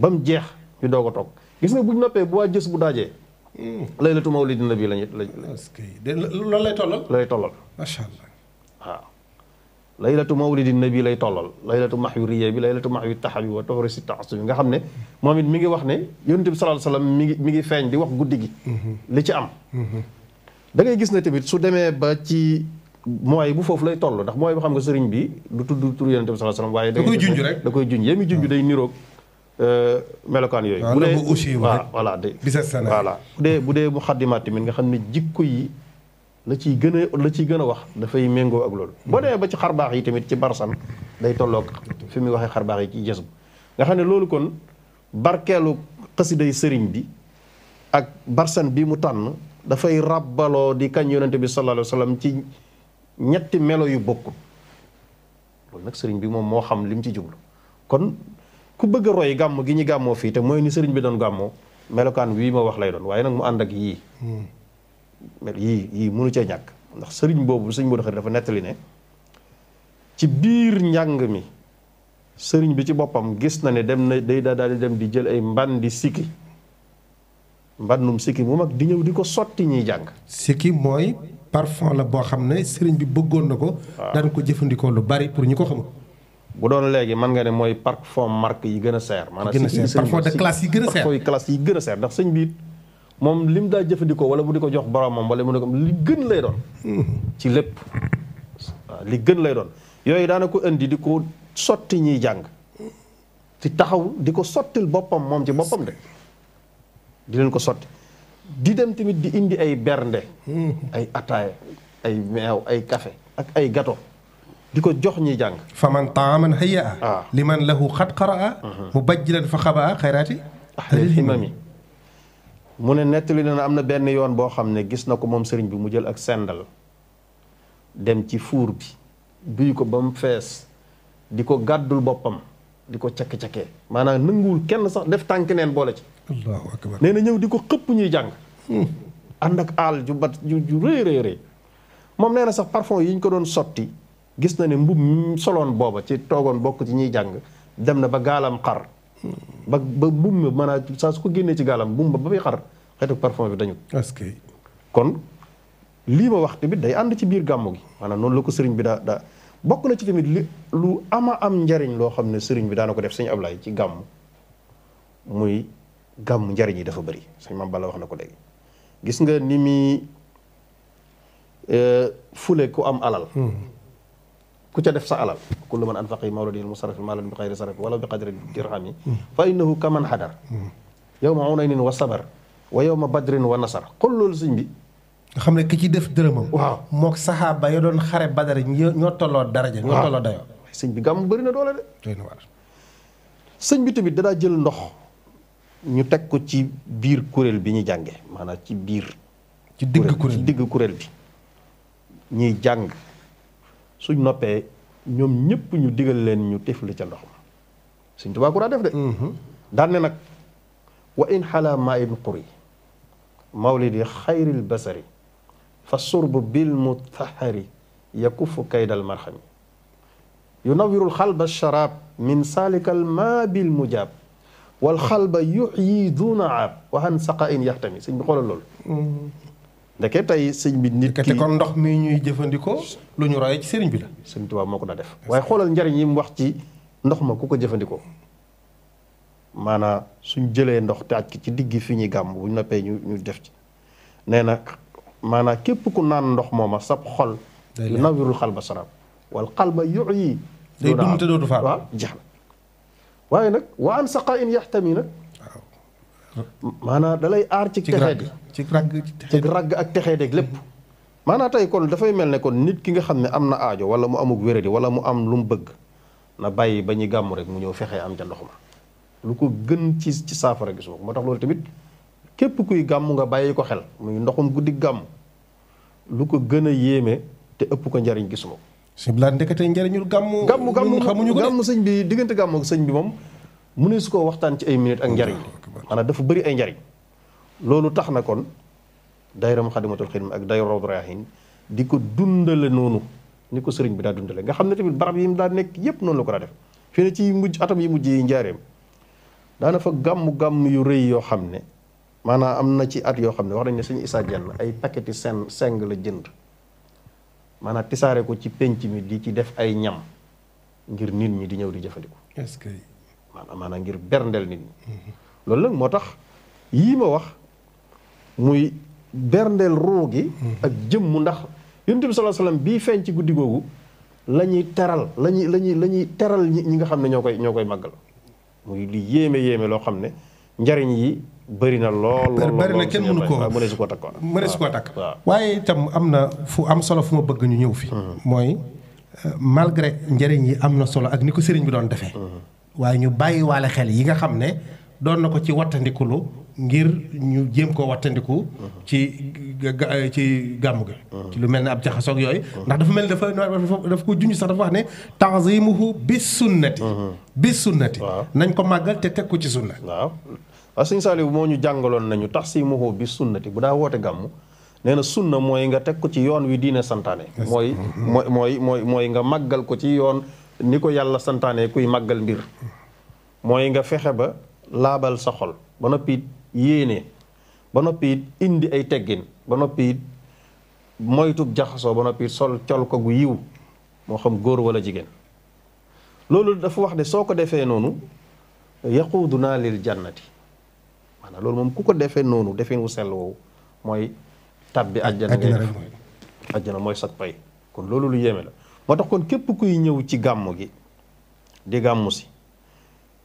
ba mu jeex ñu doog a toog gis nga bu ñu noppee bu waa jës bu daajee hmm. laylatu mawlidi nabi lañu lañ loolu lay tollal lay tollal macha allah laylatu mawlidi nabi lay tollal laylatu max yu riya bi laylatu max yu taxa bi wa toxari si taxasu bi nga xam ne moom it mi ngi wax ne yonent bi sallallahu alayhi wasallam mi ngi mi ngi feeñ di wax guddi gi mm-hmm. li am mm-hmm. da ngay gis ne tamit su demee ba ci mooy bu foofu lay toll ndax mooy xam nga sëriñ bi du tudd tur yonent bi sallallahu alayhi wasallam da koy junj rek da koy junj yémi junj day niroog euh, melokaan yooyu bu dee aussi voilà bu dee bu dee muxaddimaat tamit nga xam ne jikko yi la ciy gën a la ciy gën a wax dafay méngoo ak loolu boo ba ci xarbaax yi tamit ci barsan day tolloog fi muy waxee xarbaax yi ci jës bu nga xam ne loolu kon barkeelu xasiday sëriñ bi ak barsan bi mu tànn dafay ràbbaloo di kañ yonente bi sallallahu alayhi wa ci ñetti melo yu bokkul loolu nag sëriñ bi moom moo xam li mu ci jublu kon ku bëgg a roy gàmm gi ñu gàmmoo fii te mooy ni sëriñ bi doon gàmmoo melokaan wii ma wax lay doon waaye nag mu ànd ak yii hmm. yii yii mënu cee ñàkk ndax sëriñ boobu sëñ Modou Khari dafa nettali ne ci biir njàng mi sëriñ bi ci boppam gis na ne dem na day daal di dem di jël ay mban di sikki mbannum sikki mu mag di ñëw di ko sotti ñuy jàng. sikki mooy parfum la boo xam ne sëriñ bi bëggoon na ko. daan ko jëfandikoo lu bari pour ñu ko xam bu doon léegi mën nga ne mooy parfum marque yi gën a seer. maanaam parfum yi gën a seer parfum sëñ bii moom li lim daa jëfandikoo wala mu di ko jox boromam wala mu di ko li gën lay doon. Mm-hmm. lépp li gën lay doon yooyu daana ko indi di ko sotti ñiy jàng. ci taxaw di ko sottil boppam moom ci boppam de di leen ko sotti di dem tamit di indi ay bernde. Mm-hmm. ay ataaya ay meew ay café ak ay gato di ko jox ñiy jàng. faman taaman hayya ah. liman lahu xat qaraa. Mm-hmm. mu bajjilan fa xabaa mu ne nettali na am na benn yoon boo xam ne gis na ko moom sëriñ bi mu jël ak sendal dem ci fuur bi duy ko ba mu fees di ko gàddul boppam di ko cakk-cakkee maanaam nanguwul kenn sax def tànk neen boole ci allahu nee na ñëw di ko xëpp ñuy jàng hmm. ànd ak aal ju bat ju rëy rëy moom nee na sax parfum yi ñu ko doon sotti gis na ne mbub soloon booba ci toogoon bokk ci ñuy jàng dem na ba gaalam xar ba ba buum ba maanaam saa su ko génnee ci gaalam buum ba ba muy xar xeetu parfum bi dañu est kon lii ma wax tamit day ànd ci biir gàmmu gi maanaam noonu la ko sëriñ bi daa daa bokk na ci tamit li lu ama am njariñ loo xam ne sëriñ bi daana ko def sëñ Ablaay ci gàmm muy gàmm njariñ yi dafa bari sëñ Maam Balla wax na ko léegi gis nga ni mii euh, fule ku am alal hmm. ku ca def sa alal kullu man anfaqa yi mawladin musarrafin maalan bi xayri sarafin wala bi qadri dirhami fa innahu kaman hadar yawma unaynin wa sabar wa yawma badrin wa nasar xol loolu sëñ bi nga xam ne ki ci def dërëmam waaw mook saxaaba ya doon xare badar ñoo tolloo daraja ñoo tolloo dayoo sëñ bi gàmm bari na doole de sëñ bi tamit danaa jël ndox ñu teg ko ci biir kuréel bi ñu jànge maanaa ci biir ci digg kuréel bi ñuy jàng suñ noppee ñoom ñëpp ñu digal leen ñu tifli ca ndox ma suñ tubaa ku daa def mm-hmm. nag wa in xalaa maa in quri mawlidi xayril basari fa surbu bil mutahari yakufu kaydal marxami yunawirul xalba sharaab min saalikal maa bil mujaab wal xalba yuxyi duuna wa waxan saqa in yaxtami sëñ bi xoolal ndeke tey sëñ bi nit ki ndox mi ñuy jëfandikoo lu ñu royee ci sëriñ bi la sëriñ Tuubaa moo ko daa def waaye xoolal njariñ yi mu wax ci ndox ma ku ko jëfandikoo maanaa suñ jëlee ndox te aj ci digg fi ñuy gàmm bu ñu noppee ñu ñu def ci nee na maanaam képp ku naan ndox mooma sab xol yu nawirul xalba sarab wal xalba yu yi day dund te dootu faat waaw jeex na waaye nag wa an saqa in nag maanaam dalay aar ci texee di ci ragg ci ragg ak texee deg lépp maanaa tey kon dafay mel ne kon nit ki nga xam ne am na aajo wala mu amuk wéradi wala mu am lu mu bëgg na bàyyi ba ñuy gàmmu rek mu ñëw fexee am ca ndox ma lu ko gën ci ci saafara gisuma ko moo tax loolu tamit képp kuy gàmm nga bàyyi ko xel muy ndoxum guddi gàmm lu ko gën a yéeme te ëpp ko njariñ gisuma ko sëñ bi laa ndeketee njëriñul gàmmu gàmmu gàmmu xamuñu ko gàmmu sëñ bi diggante gàmmu ak sëñ bi moom mu ne su ko waxtaan ci ay minutes ak njariñ maanaam dafa bëri ay njariñ loolu tax na kon daayira Muxaddamatul Xidma ak daayira Rawdu Rayaahiin di ko dundale noonu ni ko sëriñ bi daa dundale nga xam ne tamit barab yi mu daa nekk yépp noonu la ko daa def fii ne ci mujj atam yi mujj yi njaareem daana fa gàmm-gàmm yu rëy yoo xam ne maanaa am na ci at yoo xam ne wax nañ ne suñu isaa jenn ay paqueti sen seng la jënd maanaam tisaare ko ci penc mi di ci def ay ñam ngir nit ñi di ñëw di jëfandiku. est-ce que. maanaam ngir berndeel nit ñi. Mm-hmm. loolu nag moo tax yii ma wax muy berndeel ruu gi ak jëmm ndax yonent bi solo alayhi bii feeñ ci guddi googu la ñuy teral lañuy ñuy la teral ñi nga xam ne ñoo koy ñoo koy màggal muy li yéeme yéeme loo xam ne njariñ yi bëri na lool lool na kenn mënu koo mënees koo takk mënees koo takk waaye itam am na fu am solo fu ma bëgg ñu ñëw fi mm-hmm. mooy euh, malgré njariñ yi am na solo ak ni ko sëriñ bi doon defee mm-hmm. waaye ñu bàyyi xel yi nga xam ne doon na ko ci wattandikulu ngir ñu jéem koo wattandiku. ci ci gàmm ga uh-huh. ci lu mel na ab jaxasoog yooyu. Uh-huh. ndax dafa mel ni dafa dafa ko junj sax dafa wax ne. tanzimuhu bi sunnati. Uh-huh. bi sunnati. nañ ko màggal te teg ko ci sunna. waaw waaw sëñ moo ñu jàngaloon nañu tanzimuhu bi sunnati bu daa woote gàmmu nee na sunna mooy nga teg ko ci yoon wi diine santaane. mooy mooy mooy mooy nga màggal ko ci yoon ni ko yàlla santaane kuy màggal mbir. mooy nga fexe ba. laabal sa xol ba noppiit it yéene ba noppiit indi ay teggin ba noppi it moytug jaxasoo ba noppi sol col ko gu yiw moo xam góor wala jigéen loolu dafa wax ne soo ko defee noonu yaquudunaa lil jannati maanaam loolu moom ku ko defee noonu defeen wu sell woowu mooy tabbi àjjana ngay def mooy sag pay kon loolu lu yéeme la moo tax kon képp kuy ñëw ci gàmm gi di gàmmu si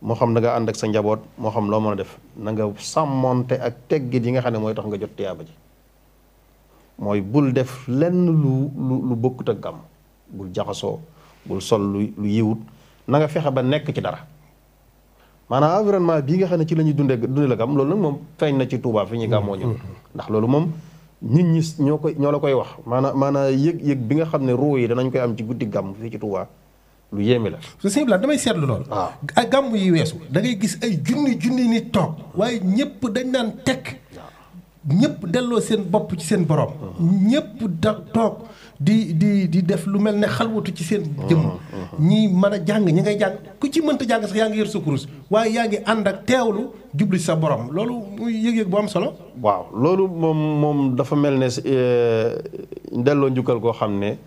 moo xam da nga ànd ak sa njaboot moo xam loo mën a def nanga sàmmoonte ak teggit yi nga xam ne mooy tax nga jot tiyaaba ji mooy bul def lenn lu lu lu bokkut ak bul jaxasoo bul sol lu yiwut na nga fexe ba nekk ci dara maanaam environnement bii nga xam ne ci la ñuy dundee dundee la gàmm loolu nag moom feeñ na ci Touba fi ñuy gàmmoo ñun ndax loolu moom nit ñi ñoo koy ñoo la koy wax maanaam maanaam yëg-yëg bi nga xam ne ruu yi danañ koy am ci guddi gàmm fii ci Touba lu yéeme la. parce que damay seetlu lool. waaw ah. ay gàmm yi weesu. da ngay gis ay junni junni nit toog. waaye ñëpp dañ daan tekk ñëpp delloo seen bopp ci seen borom. ñëpp da toog di di di def lu mel ne xalwatu ci seen. jëmm ñi mën a jàng ñi ngay jàng ku ci mënta jàng sax yaa ngi yor sa kurus waaye yaa ngi ànd ak teewlu jubli sa boroom loolu muy yëg-yëg bu am solo. waaw loolu moom moom dafa mel ne eh, delloo njukkal koo xam ne.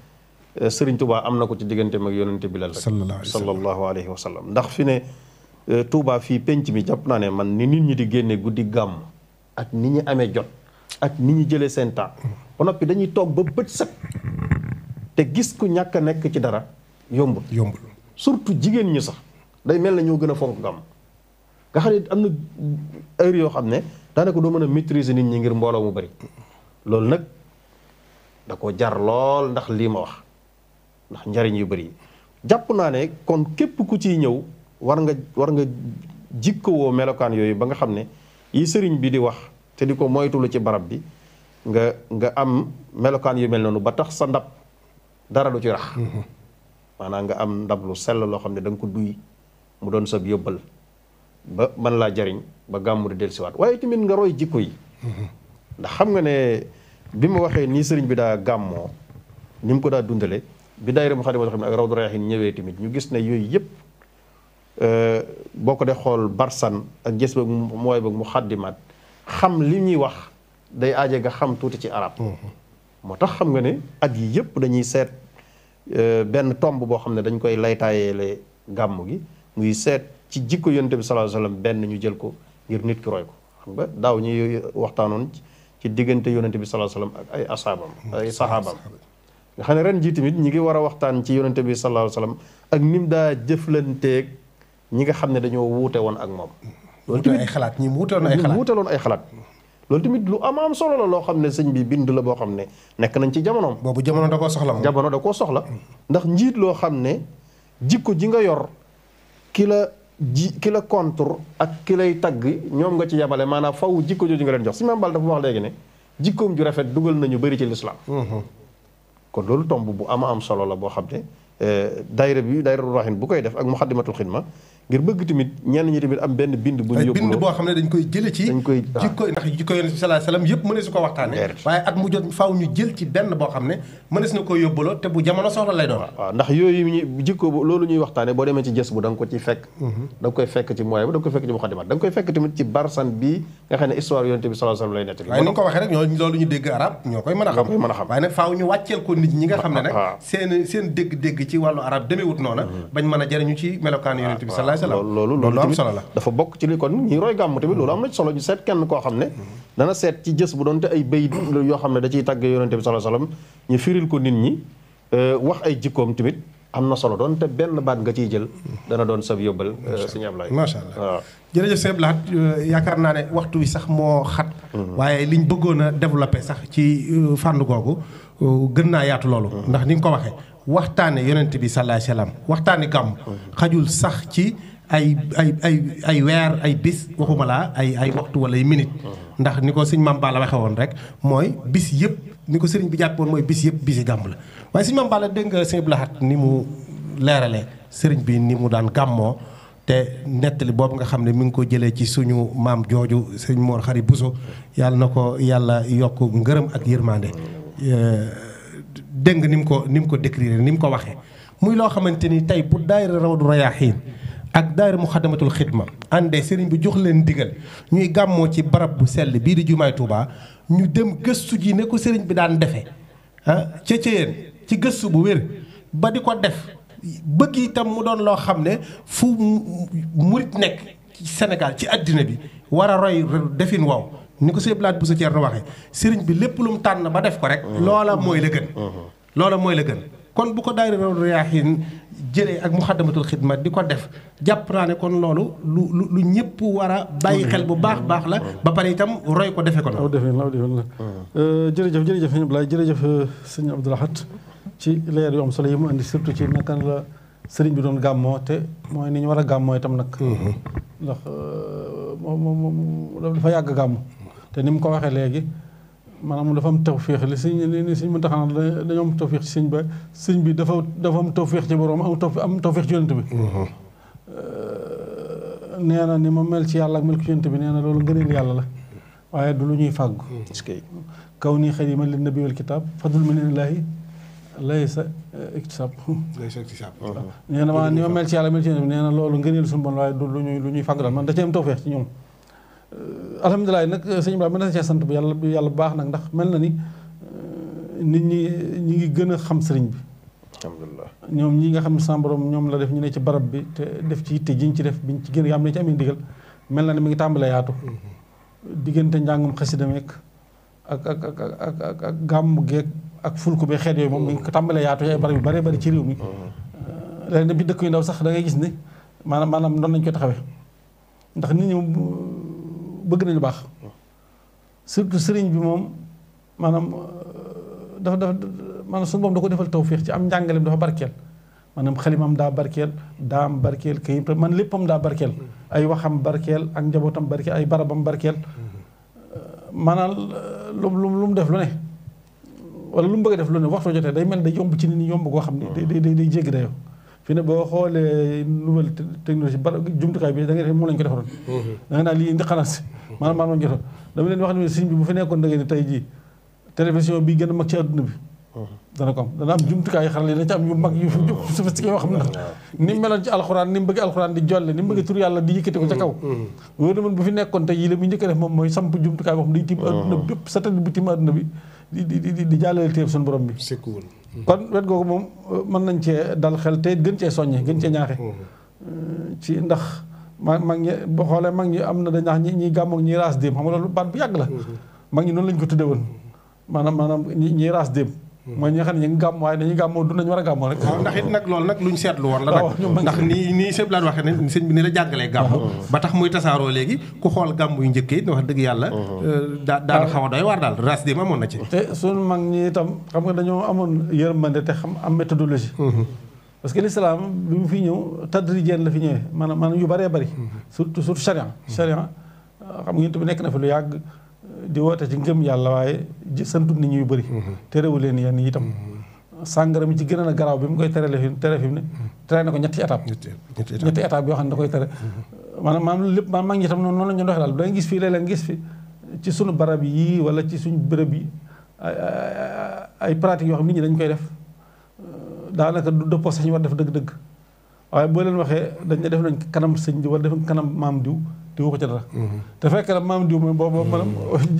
Euh, Serigne Touba am na ko ci digganteem ak yonente bi la rek sallallahu alayhi wa sallam ndax fi ne euh, Touba fii penc mi jàpp naa ne man ni nit ñi di génne guddi gàmm ak ni ñu amee jot ak ni ñu jëlee seen temps ba noppi dañuy toog ba bët set te gis ku ñàkk a nekk ci dara yombul yombul surtout jigéen ñi sax day mel na ñoo gën a fonk gàmm nga xam ne am na heure yoo xam ne daanaka doo mën a maîtriser nit ñi ngir mbooloo mu bari loolu nag da ko jar lool ndax lii ma wax ndax njariñ yu bari jàpp naa ne kon képp ku ci ñëw war nga war nga jikkoo melokaan yooyu ba nga xam ne yi sëriñ bi di wax te di ko moytulu ci barab bi nga nga am melokaan yu mel noonu ba tax sa ndab dara du ci rax mm-hmm. maanaam nga am ndab lu sell loo xam ne danga ko duy mu doon sab yóbbal ba man laa jariñ ba gàmmu di dellusiwaat waaye tamit nga roy jikko yi mm-hmm. ndax xam nga ne bi ma waxee nii sëriñ bi daa gàmmoo ni mu ko daa dundale bi daayira Moukhaddamatoul Khidma ak Rawdu Rayaahiin ñëwee tamit ñu gis ne yooyu yëpp euh, boo ko dee xool barsan ak gis ba mooy ba mu xaddimaat xam li ñuy wax day aaje nga xam tuuti ci arab mm-hmm. moo tax xam nga ne ak yi yëpp dañuy seet euh, benn tomb boo xam ne dañ koy laytaayeele gàmm gi muy seet ci jikko yonent bi sallallahu alayhi benn ñu jël ko ngir nit ki roy ko xam nga daaw ñuy waxtaanoon ci diggante yonent bi sallallahu alayhi ak ay asaabam ay mm-hmm. saxaabam xam ne ren jii tamit ñi ngi war a waxtaan ci yonente bi sallallahu alayhi wasallam ak nim daa jëflanteeg ñi nga xam ne dañoo wuute woon ak moom. loolu tamit ay xalaat ñi wuute woon ay xalaat ay xalaat. loolu tamit lu am am solo la loo xam ne sëñ bi bind la boo xam ne nekk nañ ci jamonoom. boobu jamono da koo soxla moom jamono da koo soxla. ndax njiit loo xam ne jikko ji nga yor ki la ji ki la contre ak ki lay tagg ñoom nga ci yemale maanaam faw jikko jooju nga leen jox si Mame Balla dafa wax léegi ne jikkoom ju rafet dugal nañu bëri ci lislaam mm-hmm. kon loolu tomb bu ama am solo la boo xam ne euh, daayira bi daayira Ruuhin bu koy def ak Muxaddamatul Xidma ngir bëgg tamit ñenn ñi tamit am benn bind bu ñu bind boo xam ne dañ koy jële ci dañ koy jikko ndax jikko yonent bi sallallahu alayhi xam ne mënees na ko yóbbaloo te bu jamono soxla lay doon waaw ndax yooyu loolu ñuy waxtaane boo demee ci jës bu da nga ko ci fekk mhm. bi a xam mën a xam ne nag seen seen dégg-dégg ci wàllu arab demeewut noona mhm. bañ mën a jariñu ci melokaanu yonent bi alayhi salaam loolu loolu am solo la dafa bokk ci li kon ñuy roy gàmm tamit loolu am na ci solo ñu seet kenn koo xam ne dana seet ci jës bu doonte ay bayit yoo xam ne da ciy tàgg yonente bi sallallahu alayhi ñu firil ko nit ñi euh, wax ay jikkoom tamit am na solo doon te benn baat nga ciy jël dana doon sab yóbbal euh, suñu Ablaye macha allah waaw jërëjëf sëñ Ablaye euh, yaakaar naa ne waxtu wi sax moo xat mhm. waaye liñ bëggoon a développé sax ci fànn kooku gën naa yaatu loolu mhm. ndax ni ko waxee waxtaane yenent bi salaay salaam waxtaane gàmm xajul sax ci ay ay ay ay weer ay bis waxuma laa ay ay waxtu wala ay minute ndax ni ko sëñ Mame Balla woon rek mooy bis yëpp ni ko sëriñ bi jàppoon mooy bis yëpp bisi gàmm la waaye sëñ Mame Balla dégg nga sëñ ni mu leeralee sëriñ bi ni mu daan gàmmoo te nettali boobu nga xam ne mi ngi ko jëlee ci suñu maam jooju sëñ Mor Xari Bousso yàlla na ko yàlla yokk ngërëm ak yërmande dégg nga ni mu ko ni mu ko décrire ni mu ko waxee muy loo xamante ni tey bu daayira Rawdu Rayaahiin ak daayira Muxaddamatul Xidma àndee sëriñ bi jox leen ndigal ñuy gàmmoo ci barab bu sell bii di jumaay Tuubaa ñu dem gëstu ji ne ko sëriñ bi daan defee ah ca ca ci gëstu bu wér ba di ko def bëgg itam mu doon loo xam ne fu mu nekk ci Sénégal ci àddina bi war a roy defin waaw ni ko sëñ Blaat bu sa Thierno waxee sëriñ bi lépp lu mu tànn ba def ko rek. Uh-huh. loola mooy la gën. Uh-huh. loola mooy la gën kon bu ko daayira Rawdu Rayaahiin jëlee ak mu muxaddamatul xidma di ko def jàpp naa ne kon loolu lu lu lu ñëpp war a bàyyi xel bu baax baax la uh-huh. ba pare itam roy ko defe ko na. aw defe na aw defe na uh, jërëjëf jërëjëf sëñ Abdoulaye jërëjëf uh, sëñ Abdou Lahad ci leer yu am solo yi mu indi surtout ci naka la sëriñ bi doon gàmmoo te mooy ni ñu war a gàmmoo itam nag. ndax uh, moom moom dafa yàgg gàmmu. te ni mu ko waxee léegi maanaam dafa am tawféex li sëñ li sëñ mu taxanal dañoo am tawféex ci sëñ ba sëñ bi dafa dafa am tawféex ci borom am taw am tawféex ci yonent bi mm-hmm. nee na ni ma mel ci yàlla ak mel ci yonent bi nee na loolu ngëneel yàlla la waaye du lu ñuy fàggu mm-hmm. kaw nii xëy yi man li nabi wal kitaab fadul min illaahi laysa iktisab laysa iktisab nee na ma ni ma mel ci yàlla mel ci loolu ngëneel suñu bon waaye du lu ñuy lu ñuy fàggu man da cee am tawféex ci ñoom Euh, alhamdulilah nag euh, sëñ Ibrahima mën na sant bu yàlla bu yàlla bu baax nag ndax mel na ni euh, nit ñi ñi ngi gën a xam sëriñ bi. ñoom ñi nga xam ne sama borom ñoom la def ñu ne ci barab bi te def ci yitte jiñ ci def biñ ci génn am na ci amee ndigal mel na ne mi ngi tàmbalee yaatu. Mm-hmm. diggante njàngum xasida meek ak ak ak ak ak gàmmu geeg ak fulku bi xeet yooyu moom mi ngi ko tàmbalee yaatu ay barab yu baree bari ci réew mi. Mm-hmm. léegi nag bi dëkk yu ndaw sax dangay gis ne maanaam maanaam noonu lañ koy taxawe ndax nit ñi bëgg nañu baax surtout sëriñ bi moom maanaam euh, dafa dafa maanaam suñu boom da ko defal tawféex ci am njàngaleem dafa barkeel maanaam xalimam daa barkeel daam barkeel kayit man léppam daa barkeel ay waxam barkeel ak njabootam barkeel ay barabam barkeel euh, maanaam euh, lu mu lu mu def lu ne wala lu mu bëgg a def lu ne waxtu jotee day mel day yomb ci nit ñi yomb goo xam ne day day day jéggi fii ne boo xoolee nouvelle technologie ba jumtukaay bi da def moom lañ ko defaroon mhm. da nga naan dama leen wax ne sëñ bi bu fi nekkoon da ngeen ne tey jii télévision a mag ci àdduna bi mhm. dana ko am dana am jumtukaay xarale dana ci am yu mag yu mhm. sophistiqué mu nekkoon a def moom mooy samp jumtukaay boo xam day tiim àdduna bépp satellite bu tiim àdduna bi di di di di jàllale téeb borom bi kon wet googu moom euh, mën nañ cee dal xel te gën cee soññe gën cee ñaaxe mm-hmm. euh, ci ndax ma mag ñi boo xoolee mag ñi am na dañ ñaax ñi ñiy gàmmoog ñiy raas déem xam nga loolu baat bu yàgg la mm-hmm. mag ñi noonu lañ ko tudde woon mm-hmm. maanaam maanaam ñiy raas déem mooy ñi nga xam ne ñu ngi gàmm waaye dañuy gàmmoo du nañu war a gàmmoo rek waaw ndax it nag loolu nag luñ seetlu woon la nag oh, ndax nii nii sëñ Blaan waxee ne sëñ bi ni la jàngalee gàmm oh. ba tax muy tasaaroo léegi ku xool gàmm yu njëkkee wax dëgg yàlla oh. euh, daa daan xaw a doy waar daal ras di ma amoon na ci te suñu mag ñi itam xam nga dañoo amoon yërmande te xam am méthodologie mm-hmm. parce que l'islam bi mu fi ñëw tadrijeen la fi ñëwee maanaam maanaam yu bëree bëri mm-hmm. surtout surtout charia charia mm-hmm. euh, xam nga ñun tamit nekk na fi lu yàgg di woote ci ngëm yàlla waaye santut nit ñuy bëri mm-hmm. terewu leen yenn tam mm-hmm. sàngara mi ci gën na garaw bi mu koy terele fi tere fi mu ne mm-hmm. tere na ko ñetti étape ñetti étape yoo xam ne da koy tere maanaam maam lépp maam mag ñi itam noonu la ñu doxee daal da nga gis ci sunu barab yii wala ci suñu bërëb ay pratiques yoo xam nit ñi dañ koy def daanaka du dëppoo sax ñu war def dëgg-dëgg waaye boo leen waxee dañ def nañ kanam sëñ diw wala def kanam maam diw di ko ci dara. te fekk na maam diw moom boobu maanaam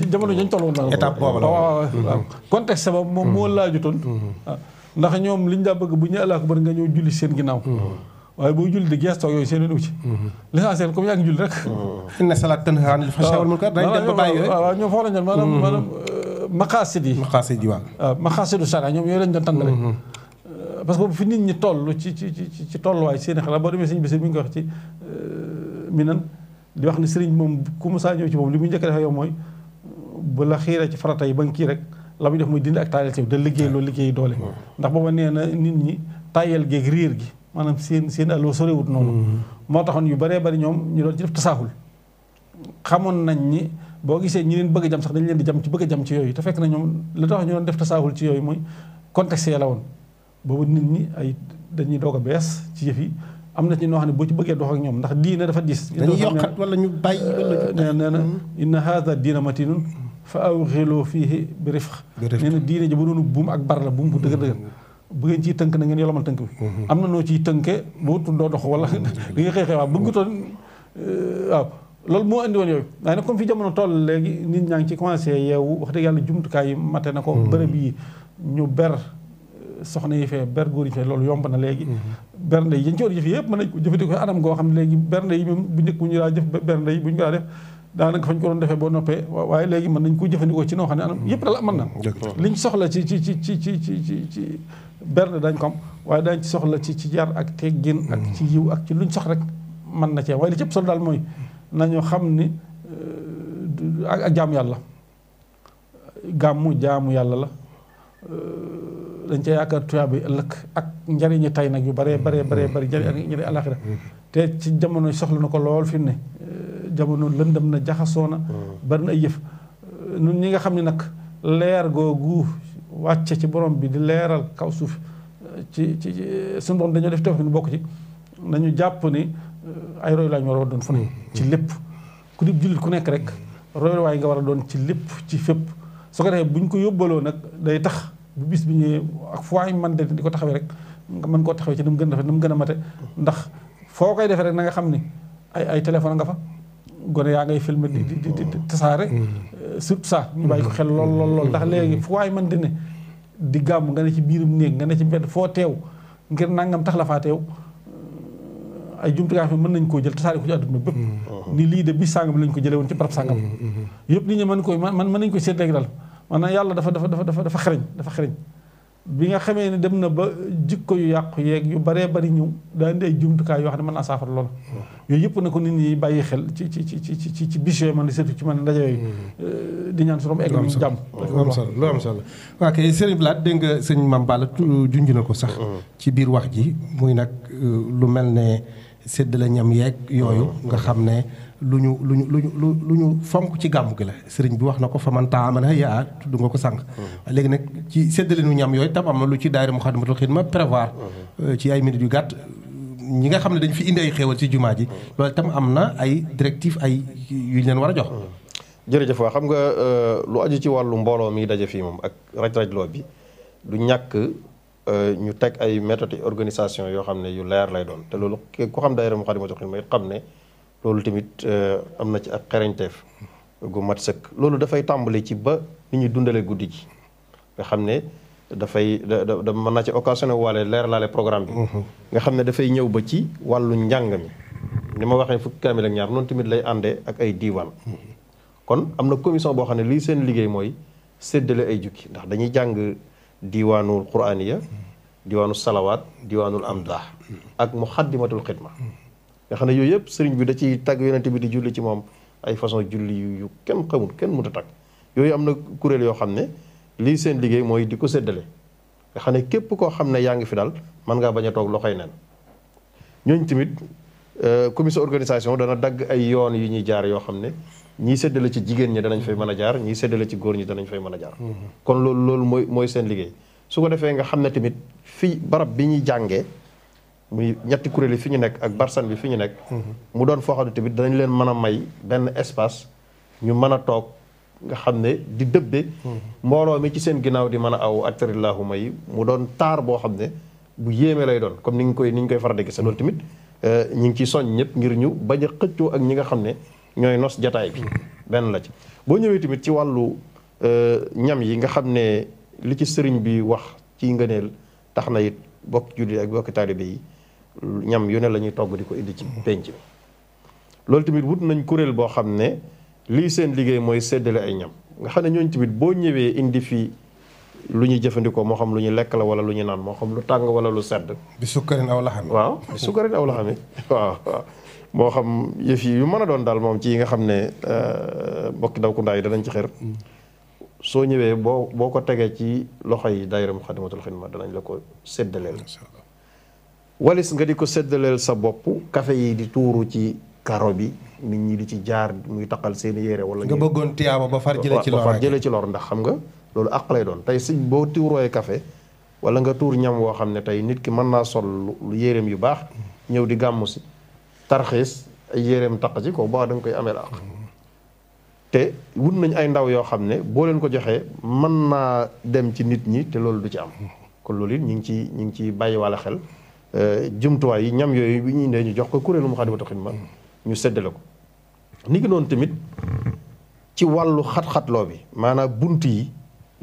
jamono jañ tolloon la waaw contexte ba moom moo laajutoon. ndax ñoom liñ daa bëgg bu ñu alaa ko bari nga ñëw julli seen ginnaaw. waaye boo julli di gees toog yooyu seen yoon ci. l'essentiel comme yaa ngi julli rek. inna salaat tanhaa anil fahshaa'i wal munkar dañ dem ba bàyyi la ñu maanaam mm-hmm. maanaam euh, yi. maqaasid yi waaw. ñoom yooyu lañ doon tànn mm-hmm. euh, parce que fi nit ñi toll ci ci ci ci i xalaat boo demee sëñ bi mi ngi ko wax ci euh, minan di wax ne sëriñ moom ku mu saa ñëw ci moom li mu njëkk a mooy bu la xiiree ci farata yi ba nga kii rek la muy def muy dindi ak taayal si da liggéey loolu liggéey doole hmm. ndax booba nee na nit ñi taayal géeg riir gi maanaam seen seen aloo sorewut noonu hmm. moo taxoon yu baree bari ñoom ñu doon ci def xamoon nañ ni boo gisee ñi leen bëgg jam sax leen di jam ci bëgg jam ci yooyu te fekk na ñoom li tax ñu doon def tasaaxul ci yooyu mooy contexte ya la woon boobu nit ñi ay dañuy doog a bees ci yëf yi am na ci ñoo xam ne boo ci bëggee dox ak ñoom ndax diine dafa dis dañuy yokkat wala ñu bàyyi wala nee na inna haada diina matinun fa awxiloo fiihi bi rifq nee na diine ji bu doonu buum ak bar la buum bu dëgër dëgër mm-hmm. bu ngeen ciy tënk na ngeen yolomal tënk bi mm-hmm. am na noo ciy tënke boo tuddoo dox wala mm-hmm. li nga xëy xëy waaw bëggutoon euh, waaw loolu moo indi woon yooyu waaye nag comme fi jamono toll léegi nit ñaa ngi ci commencé yeewu wax dëgg yàlla jumtukaay yi mate na ko bërëb ñu ber soxna yi fee ber góor yi fee loolu yomb na léegi mhm. bernde yi dañ ci yëpp mën nañ ko jëfandikoo anam goo xam ne léegi bernde yi moom bu njëkk ñu daa jëf bernde yi bu ñu ko daa def daanaka fañ ko doon defee boo noppee waaye léegi mën nañ ko jëfandikoo ci noo xam ne anam yëpp daal mën na mm, liñ soxla ci ci ci ci ci ci ci ci bernde dañ ko waaye dañ soxla ci ci yar ak teggin ak mm. ci yiw ak ci luñ sox rek mën na cee waaye li daal mooy nañu xam ni euh, ak jaamu yàlla gàmmu jaamu yàlla la dañ ca yaakaar tuyaaba yi ëllëg ak njariñu tay nag yu bare mm-hmm. bare bare bare njariñ ak mm-hmm. njariñ alaxira mm-hmm. te ci jamono soxla na ko lool fi mu ne jamono lëndëm na jaxasoo na bari ay yëf nun ñi nga xam ni nag leer googu wàcce ci borom bi di leeral kaw suuf ci ci suñu borom dañoo def teew ñu bokk ci nañu jàpp ni ay roy lañu war a doon fu ne ci lépp ku di jullit ku nekk rek roy waay nga war a doon ci lépp ci fépp su ko defee bu ñu ko yóbbaloo nag day tax bu bis bi ñëwee ak foo ay man de di ko taxawee rek nga mën koo taxawee ci ni mu gën a rafet ni mu gën a mate ndax foo koy defee rek na nga xam ni ay ay nga fa gone yaa ngay filmer di di tasaare mm. euh, surtout ça ñu mm. bàyyi ko xel lool lool lool ndax mm. léegi fu waay man de ne di gàmm nga ne ci biirum néeg nga ne ci mbedd foo teew ngir nangam tax la faa teew euh, ay jumtukaay fi mën nañ koo jël tasaare ko ci àdduna bépp ni lii de bi sàngam lañ ko jëlee woon ci barab sàngam yëpp nit ñi mën koy man mën nañ koy seet léegi daal maanaam yàlla dafa dafa dafa dafa xarañ dafa xarañ bi nga xamee ne dem na ba jikko yu yàqu yeeg yu baree bari ñëw daa indi jumtukaay yoo xam ne mën naa saafara loolu mm-hmm. yooyu yëpp na nit ñi bàyyi xel ci ci ci ci ci ci bis yooyu man surtout ci man ndaje yooyu mm-hmm. di ñaan surom egg nañu jàmm lu am solo lu am solo nga sëñ Mame Balla junj na ko sax mm-hmm. ci biir wax ji muy nag euh, lu mel ne sédd ñam yeeg yooyu nga xam ne lu ñu lu ñu lu ñu lu ñu fonk ci gàmm gi la sëriñ bi wax na ko fa man temps amana yaa tudd ko sànq mm-hmm. léegi nag ci sedd séddalinu ñam yooyu tam am na lu ci daayira Muxaddamatul Xidma prévoir mm-hmm. euh, ci ay minutes yu gàtt ñi nga xam ne dañ fi indi ay ci jumaa ji mm-hmm. loolu tam am na ay directive ay yu ñu war jox jërëjëf waa xam nga euh, lu aju ci wàllu mbooloo mi daje fii moom ak raj-rajloo bi du ñàkk euh, ñu teg ay méthodes organisation yoo xam ne yu leer lay doon te loolu ku xam daayira Muxaddamatul Xidma it xam ne loolu tamit euh, am na ci ak xereñteef gu mat sëkk loolu dafay tàmbali ci ba ni ñuy dundale guddi ji nga xam ne dafay da da mën naa ci occasionné waale leer laale programme bi mm-hmm. nga xam ne dafay ñëw ba ci wàllu njàng mi ni ma waxee fukki kaamil ak ñaar noonu tamit lay àndee ak ay diiwaan mm-hmm. kon am na commission boo xam ne li seen liggéey mooy séddale ay jukki ndax dañuy jàng diiwaanul quraaniya mm-hmm. diiwaanul salawaat diiwaanul amdah ak muxaddimatul xidma nga xam ne yooyu yëpp sëriñ bi da ciy tàgg yonente bi di julli ci moom ay façon julli yu kenn xamul kenn mënut a tàgg yooyu am na kuréel yoo xam ne lii seen liggéey mooy di ko séddale nga xam ne képp koo xam ne yaa ngi fi daal mën ngaa bañ a toog loxoy neen ñooñ tamit euh, commission organisation dana dagg ay yoon yu ñuy jaar yoo xam ne ñii séddale ci jigéen ñi danañ fay mën a jaar ñii séddale ci góor ñi danañ fay mën a jaar mm-hmm. kon loolu loolu mooy mooy seen liggéey su ko defee nga xam ne tamit fii barab bi ñuy jàngee muy ñetti kuréel yi fi ñu nekk ak barsan bi fi ñu nekk. mu doon foo xam ne tamit danañ leen mën a may benn espace ñu mën a toog nga xam ne di dëbbe. mbooloo mi ci seen ginnaaw di mën a aw aktarillahuma yi mu doon taar boo xam ne bu yéeme lay doon comme ni nga koy ni ñu koy faral di gis loolu tamit euh, ñu ngi ciy soññ ñëpp ngir ñu bañ a xëccoo ak ñi nga xam ne ñooy nos jataay bi benn la ci. boo ñëwee tamit ci wàllu euh, ñam yi nga xam ne li ci sëriñ bi wax ci ngëneel tax na it bokk julli ak bokk taalibe yi. ñam yu ne la ñuy togg di ko indi ci penc loolu tamit wut nañ kuréel boo xam ne lii seen liggéey mooy séddale ay ñam nga xam ne ñooñu tamit boo ñëwee indi fii lu ñuy jëfandikoo moo xam lu ñu lekk la wala lu ñu naan moo xam lu tàng wala lu sedd. bi sukkarin aw laxami waaw bi sukkarin aw laxami waaw waaw moo xam yëf yi yu mën a doon daal moom ci yi nga xam ne euh, bokki daw kundaay yi danañ ci xër mm. soo ñëwee boo boo ko tegee ci loxo yi daayira Muxaddamatul Xidma danañ la ko séddaleel walis nga di ko seddaleel sa bopp kafe yi di tuuru ci karo bi nit ñi di ci jaar muy taqal seen yére wala nga bëggoon tiyaaba ba far jëlee ci lor jëlee ci lor ndax xam nga loolu àq lay doon tey si boo tuurooy kafe wala nga tuur ñam woo xam ne tey nit ki mën naa sol lu yéreem yu baax ñëw di gàmmu si tarxiis ay yéreem taq ci ko baax da nga koy ameel àq te wut nañ ay ndaw yoo xam ne boo leen ko joxee mën naa dem ci nit ñi te loolu du ci am kon loolu it ñu ngi ci ñu ngi ciy bàyyi xel Euh, jumtuwaay yi ñam yooyu bi ñuy ndee ñu jox ko kuréelu mu Moukhaddamatoul ma ñu seddale ko ni ki noonu tamit ci wàllu xat-xatloo bi maanaam bunt yi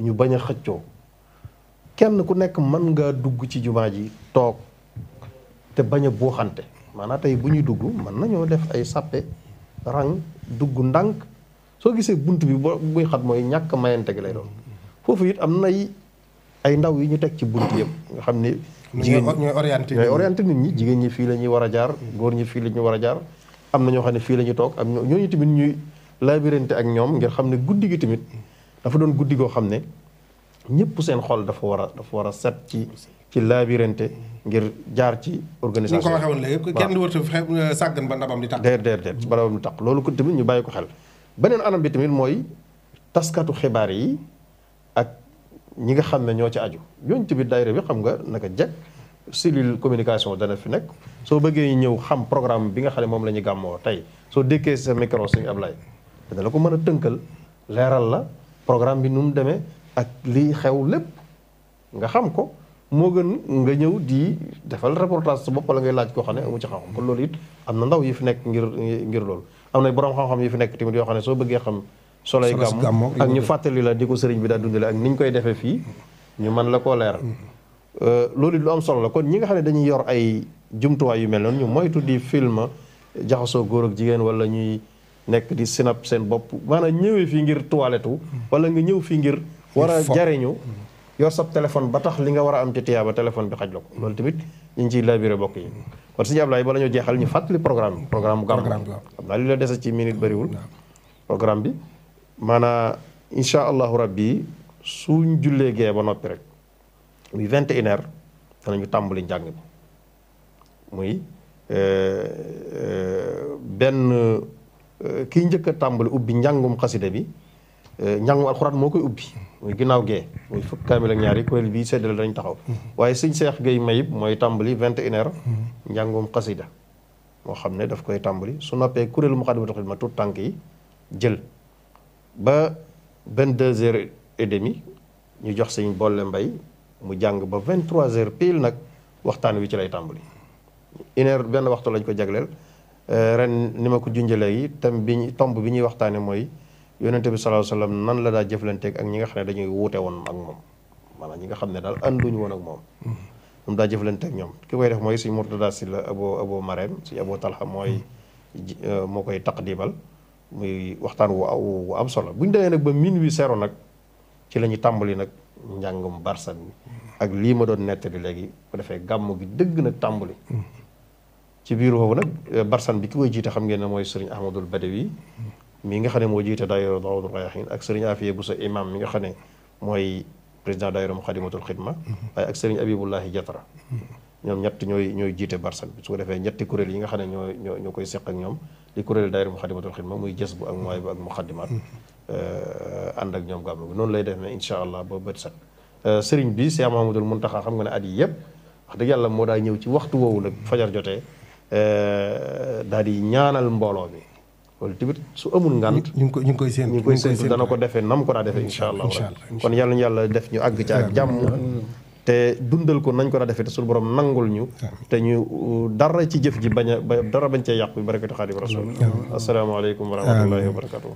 ñu bañ a xëccoo kenn ku nekk mën nga dugg ci jumaa ji toog te bañ a buuxante maanaam tey bu ñuy dugg mën nañoo def ay sàppe rang dugg ndànk soo gisee bunt bi boo buy xat mooy ñàkk mayante gi lay doon foofu it am nay ay ndaw yi ñu teg ci bunt yëpp nga xam ni jigéen ñi ñooy orienté nit ñi jigéen ñi fii la ñuy war a jaar góor ñi fii la ñuy war a jaar am na ñoo xam ne fii lañuy toog am ñooñu tamit ñuy labirante ak ñoom ngir xam ne guddi gi tamit dafa doon guddi goo xam ne ñëpp seen xol dafa war a dafa war a set ci ci labirante ngir jaar ci organisation ñu ko waxee woon léegi kenn du wër euh, sàggan ba ndabam di tax déer déer déer ba ndabam di tax loolu ko tamit ñu bàyyi ko xel beneen anam bi tamit mooy taskatu xibaar yi ñi nga xam ne ñoo ci aju ñooñu tamit daayira bi xam nga naka jekk cellule communication dana fi nekk soo bëggee ñëw xam programme bi nga xam ne moom la ñu gàmmoo tey soo dékkee sa micro si Ablaye dana la ko mën a tënkal leeral la programme bi nu mu demee ak lii xew lépp nga xam ko moo gën nga ñëw di defal reportage sa bopp la ngay laaj koo xam ne amu ci xam-xam kon loolu it am na ndaw yi fi nekk ngir ngir loolu am na borom xam-xam yi fi nekk tamit yoo xam ne soo bëggee xam soloy gàmmu ak ñu fàttali la di ko sëriñ bi daa dundale ak ni ñu koy defee fii ñu man la koo leeral mm-hmm. euh, loolu lu am solo la kon ñi nga xam ne dañuy yor ay jumtuwaay yu mel noonu ñu moytu di film jaxasoo góor ak jigéen wala ñuy nekk di sinap seen bopp maanaam ñëwee fii ngir toilette mm-hmm. wala nga ñëw fii ngir war a jariñu mm-hmm. yor sab téléphone ba tax li nga war a am ci tiyaaba téléphone bi xaj la ko loolu tamit ñu ngi ciy labiré bokk yi kon sëñ Ablaye bala ñu jeexal ñu fàttali programme bi programme dese ci minute bëriwul programme bi maanaa incha allahu rabbi suñ jullee gee ba noppi rek muy vingt et danañu tàmbali njàng bi muy euh, euh, benn euh, kiy njëkk a tàmbali ubbi njàngum xasida bi njàngum alxuraan moo koy ubbi muy ginnaaw gee muy fukk kaamil ñaari kuréel bi seddale dañu taxaw mm-hmm. waaye sëñ Seex Gay Mayib mooy tàmbali vingt et mm-hmm. njàngum xasida moo xam ne daf koy tàmbali su noppee kuréelu Muxaddamatul Xidma tànk yi jël ba vingt deux heures et ñu jox sëñ boole mbay mu jàng ba vingt trois heures pile nag waxtaan wi ci lay tàmbali une heure benn waxtu lañ ko jagleel euh, ren ni ma ko junjalee yi tam bi ñu tomb bi ñuy waxtaanee mooy yonente bi sallallahu alayhi nan la daa jëflanteeg ak ñi nga xam ne dañuy wuute woon ak moom maanaam ñi nga xam ne daal ànduñu woon ak moom moom mm-hmm. daa jëflanteeg ñoom ki koy def mooy suñ Murtada si la abo abo Marème suñ abo Talha mooy euh, moo koy taqdimal muy waxtaan wu aw am solo bu ñu demee nag ba miin wi zéro nag ci la ñu tàmbali nag njàngum barsan ak lii ma doon nettali léegi bu defee gàmmu gi dëgg nag tàmbali. Mm-hmm. ci biir foofu nag eh, barsan bi ki koy jiite xam ngeen ne mooy sëriñ Ahmadul wi mm-hmm. mi nga xam ne moo jiite daayira Daawud Rayahin ak sëriñ bu Buso imam mi nga xam ne mooy président daayira Muxadimatul Xidma mm-hmm. waaye ak sëriñ Abibullahi Jatara ñoom ñett ñooy ñooy jiite barsan bi su ko defee ñetti kuréel yi nga xam ne ñoo ñoo ñoo koy seq ak ñoom di kuréel daayira Muxaddamatul Xidma muy jës bu ak mooy bu ak muxaddimaat mm-hmm. eh, ànd ak ñoom gàmmu bi noonu lay def ne incha allah ba bët set eh, sëriñ bi Cheikh Mahamadul Muntaxa xam nga ne at yi yëpp wax yàlla moo daa ñëw ci waxtu woowu nag fajar jotee eh, daal di ñaanal mbooloo mi wala tamit su amul ngant ñu ngi koy séentu ñu ngi koy séentu dana ko defee nam ko daa defee incha allah kon yàlla ñu yàlla def ñu àgg ci ak jàmm te dundal ko nañ ko daa defee te suñu boroom nangul ñu ah. te ñu uh, dara ci jëf ji bañ a ba dara bañ cee yàqu bi barakatu xaadim rasul asalaamaaleykum wa rahmatullahi wa barakatuh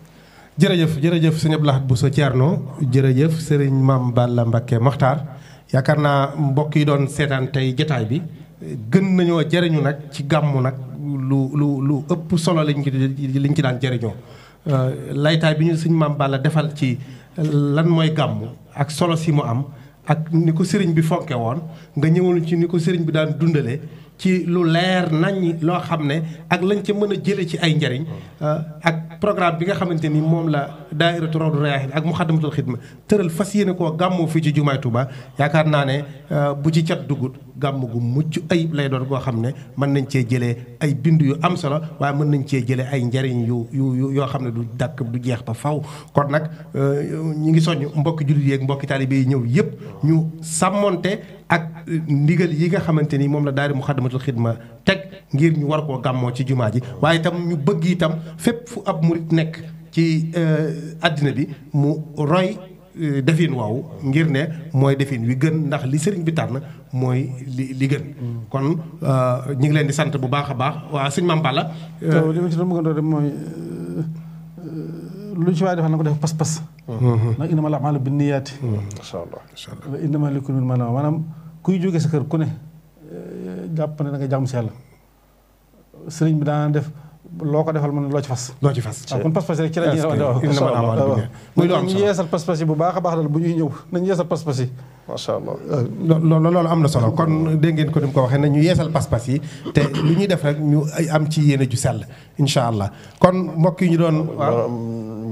jërëjëf jërëjëf sëñ Abdou Lahad Bousso Thierno jërëjëf sëriñ Maam Balla Mbacké Mokhtar yaakaar naa mbokk yi doon seetaan tey jotaay bi gën nañoo jëriñu nag ci gàmmu nag lu lu ëpp solo lañ ci liñ ci daan jëriñoo uh, laytaay bi ñu sëñ Maam defal ci uh, lan mooy gàmmu ak solo si mu am ak ni ko sëriñ bi fonke woon nga ñëwal ci ni ko sëriñ bi daan dundale ci lu leer nañ loo xam ne ak lañ ci mën a jële ci ay njariñ ak programme bi nga xamante ni moom la daairatu rawdu rayaahin ak muxaddamatul xidma tëral fas yéene ko gàmmoo fii ci jumaytu ba yaakaar naa ne bu ci cat dugut gàmm gu mucc ayib lay doon koo xam ne mën nañ cee jëlee ay bind yu am solo waaye mën nañ cee jëlee ay njariñ yu yu yoo xam ne du dàkk du jeex ba faw kon nag euh, ñu ngi soññ mbokki jullit yeeg mbokki taalibe yi ñëw yëpp ñu sàmmoonte ak ndigal yi nga xamante ni moom la daari Muxaddamatul Xidma teg ngir ñu war koo gàmmoo ci jumaa ji waaye itam ñu bëgg itam fépp fu ab mu nekk ci euh, àddina bi mu roy Euh, defin waaw ngir ne mooy defin wi gën ndax li sëriñ bi tànn mooy li li gën. kon euh, ñu ngi leen di sant bu baax a baax waa sëñ Mame Balla. taw euh, li si doon mooy lu ci defal na ko def pas-pas. Mhm. ndax innamal a'maalu binniyaati. macha mhm. allah macha allah innamaa likulli imri'in maa nawaa maanaam kuy jógee sa kër ku ne jàpp ne da nga jàmm sëriñ bi daan def. loo ko defal mu ne loo ci fas. loo ci fas waaw kon pas-pas rek ci la ñuy raw. incha allah muy doon ñu yeesal a baax daal bu ñuy ñëw nañu yeesal euh, loolu am na solo kon dégg ngeen ko ni mu ko waxee na ñu yeesal pas-pas yi te lu ñuy def rek ñu am ci yéene ju sell incha allah kon mbokk yi ñu doon.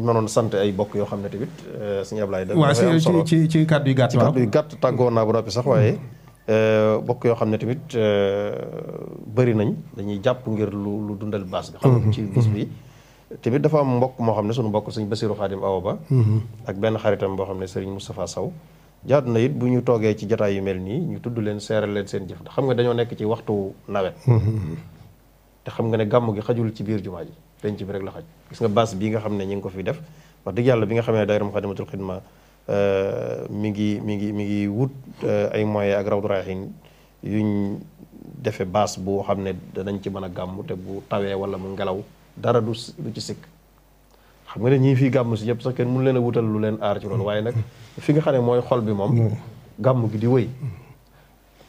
mënoon sant ay mbokk yoo xam ne tamit. Euh, sëñ Ablaye dafay am solo waaw ci ci ci kàddu yu gàtt. waaw ci kàddu yu gàtt tàggoo naa bu bi sax waaye. Euh, bokk yoo xam ne tamit euh, bari nañ dañuy jàpp ngir lu lu dundal baas bi. xam mhm. ci bis bi. Mhm. tamit dafa am mbokk moo xam ne sunu mbokk sëñ Basiru Xaadim Awa Ba mhm. ak benn xaritam boo xam ne sëriñ Moustapha Saw jaadu na it bu ñu toogee ci jataay yu mel nii ñu tudd leen seeral leen seen jëf xam nga dañoo nekk ci waxtu nawet. te xam nga ne gàmm gi xajul ci biir jumaa ji penc bi rek la xaj gis nga baas bii nga xam ne ñu ngi ko fi def wax dëgg yàlla bi nga xam ne daayira Muxaddamatul Xidma Euh, mi ngi mi ngi mi ngi wut euh, ay moyens ak rawdu yuñ defe baas boo xam ne danañ ci mën a gàmm te bu tawee wala mu ngelaw dara du du sikk xam nga ne ñii fii gàmmu si ñëpp sax kenn mun leen a wutal lu leen aar ci loolu waaye nag fi nga xam ne mooy xol bi moom mm. gàmm gi di wëy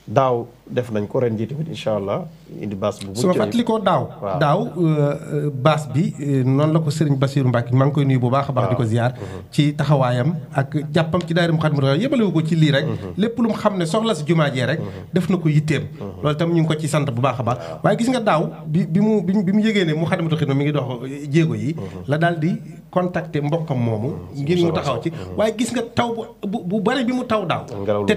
daaw def nañ ko ren jii tamit allah indi baas bu. su ma fàttalikoo daaw. daaw euh, euh, baas bi euh, noonu la ko Serigne Bassirou Mbacke maa koy nuyu bu baax a baax. di ko ziar mhm. ci taxawaayam ak jàppam ci daayira Moukhaddamatoul Khidma yëbalewu ko ci lii rek. Mhm. lépp lu mu xam ne soxla si jumaa jee rek. Mhm. na ko yitteem. loolu itam ñu ngi ko ci sant bu baax a baax. waaye gis nga daaw bi bi mu bi mu yëgee ne Moukhaddamatoul Khidma mi ngi dox jéego yi. la daal di contacter mbokkam moomu. ngir mu taxaw ci gis nga taw bu bu bu bari bi mu taw daaw. te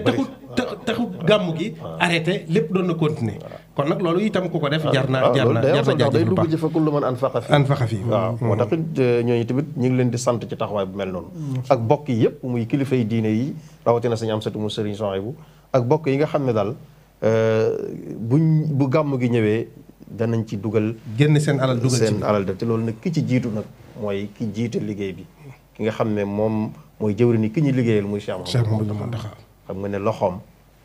te taxul gàmmu gi arrêté mais lépp doon na continuer kon nag loolu itam ku ko def ah, jar na jar na jar na jaajëf bu baax kullu man an faqa fi an faqa waaw moo tax euh, ñooñu tamit ñu ngi leen di sant ci taxawaay bu mel noonu mm. ak bokk yi yëpp muy kilifa diine yi rawatina sañu am satu mu sëriñ Sohaybu ak bokk yi nga xam ne daal euh, buñ bu gàmm gi ñëwee danañ ci dugal génn seen alal dugal seen alal def loolu nag ki ci jiitu nag mooy ki jiite liggéey bi ki nga xam ne moom mooy jëwri ni ki ñu liggéeyal muy Cheikh Mouhamadou Mountakha xam nga ne loxoom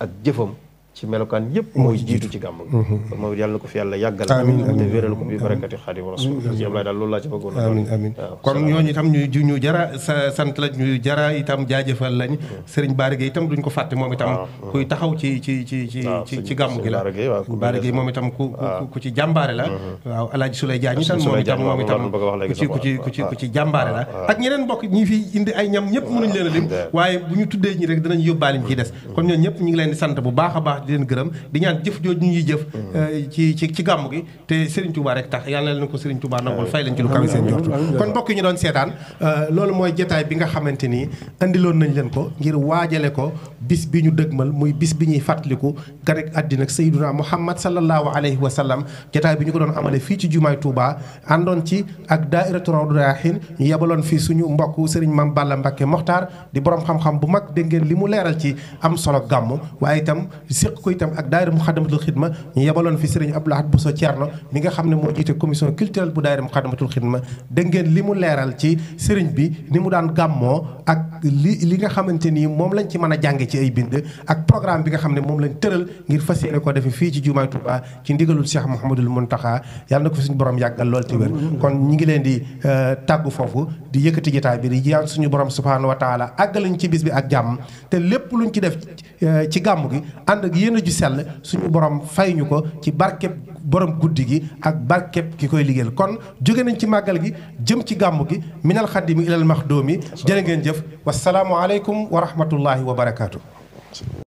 ak jëfam ci melokaan yëpp mooy jiitu ci gàmm gi mhm. kon moom it yàlla ko fi yàlla yàggal amiin te wéral ko bi barakati xaadimu rasul ci am laay daal loolu kon ñooñu itam ñu jara sant la ñu jara itam jaajëfal lañ mhm. sëriñ Bara Gueye duñ ko fàtte moom itam ah, mhm. taxaw ci ci ci ci ah, ci ci gàmm gi la Bara Gueye moom itam ah. ku ku ci jàmbaare la waaw alaaji Souley Diagne itam moom itam moom itam ku ci ku ci ak ñeneen mbokk ñi fi indi ay ñam ñëpp mënuñ leen a waaye bu ñu tuddee ñi rek dinañ yóbbaale ñi ciy des mm-hmm. kon ñoom ñëpp ñu ngi leen di sant bu baax a baax baax di leen gërëm di ñaan jëf jooju ñuy jëf euh, ci ci gàmm gi te Serigne Touba rek tax yàlla na leen ko Serigne Touba nangul fay leen ci lu kawe seen jortu kon mbokk ñu doon seetaan euh, loolu mooy jotaay bi nga xamante nii indiloon nañ leen ko ngir waajale ko bis bi ñu dëgmal muy bis bi ñuy fàttaliku garek àddina Seydina Muhammad sallallahu alayhi wa sallam jotaay bi ñu ko doon amale fii ci jumaay Touba àndoon ci ak daairatu Rawdu Rayaahin ñu yebaloon fii suñu mbokk Serigne Mame Balla Mbacké Mokhtar di borom xam-xam bu mag dégg ngeen li mu leeral ci am solo gàmm seq ko itam ak daayira Muxaddamatul Xidma ñu yebaloon fi sëriñ Abdou Lahad Bousso Thierno mi nga xam ne moo jiite commission culturelle bu daayira Muxaddamatul Xidma dégg ngeen li mu leeral ci sëriñ bi ni mu daan gàmmoo ak li li nga xamante ni moom lañ ci mën a jànge ci ay bind ak programme bi nga xam ne moom lañ tëral ngir fas yéene ko defee fii ci jumaay Tuubaa ci ndigalul Cheikh Mouhamadul Mountakha yàlla na ko fi suñu boroom yàggal loolu te kon ñi ngi leen di euh, tàggu foofu di yëkkati jotaay bi di ñaan suñu borom subhaanahu wa taala àggalañ ci bis bi ak jàmm te lépp luñ ci def euh, ci gàmm gi yéen a ju sell suñu borom fay ñu ko ci barkeb boroom guddi gi ak barkeb ki koy liggéeyal kon jóge nañ ci màggal gi jëm ci gàmm gi minal xaddimi ilal maxdoomi jërë ngeen jëf wasalaamualeykum wa rahmatullahi wa barakaatu.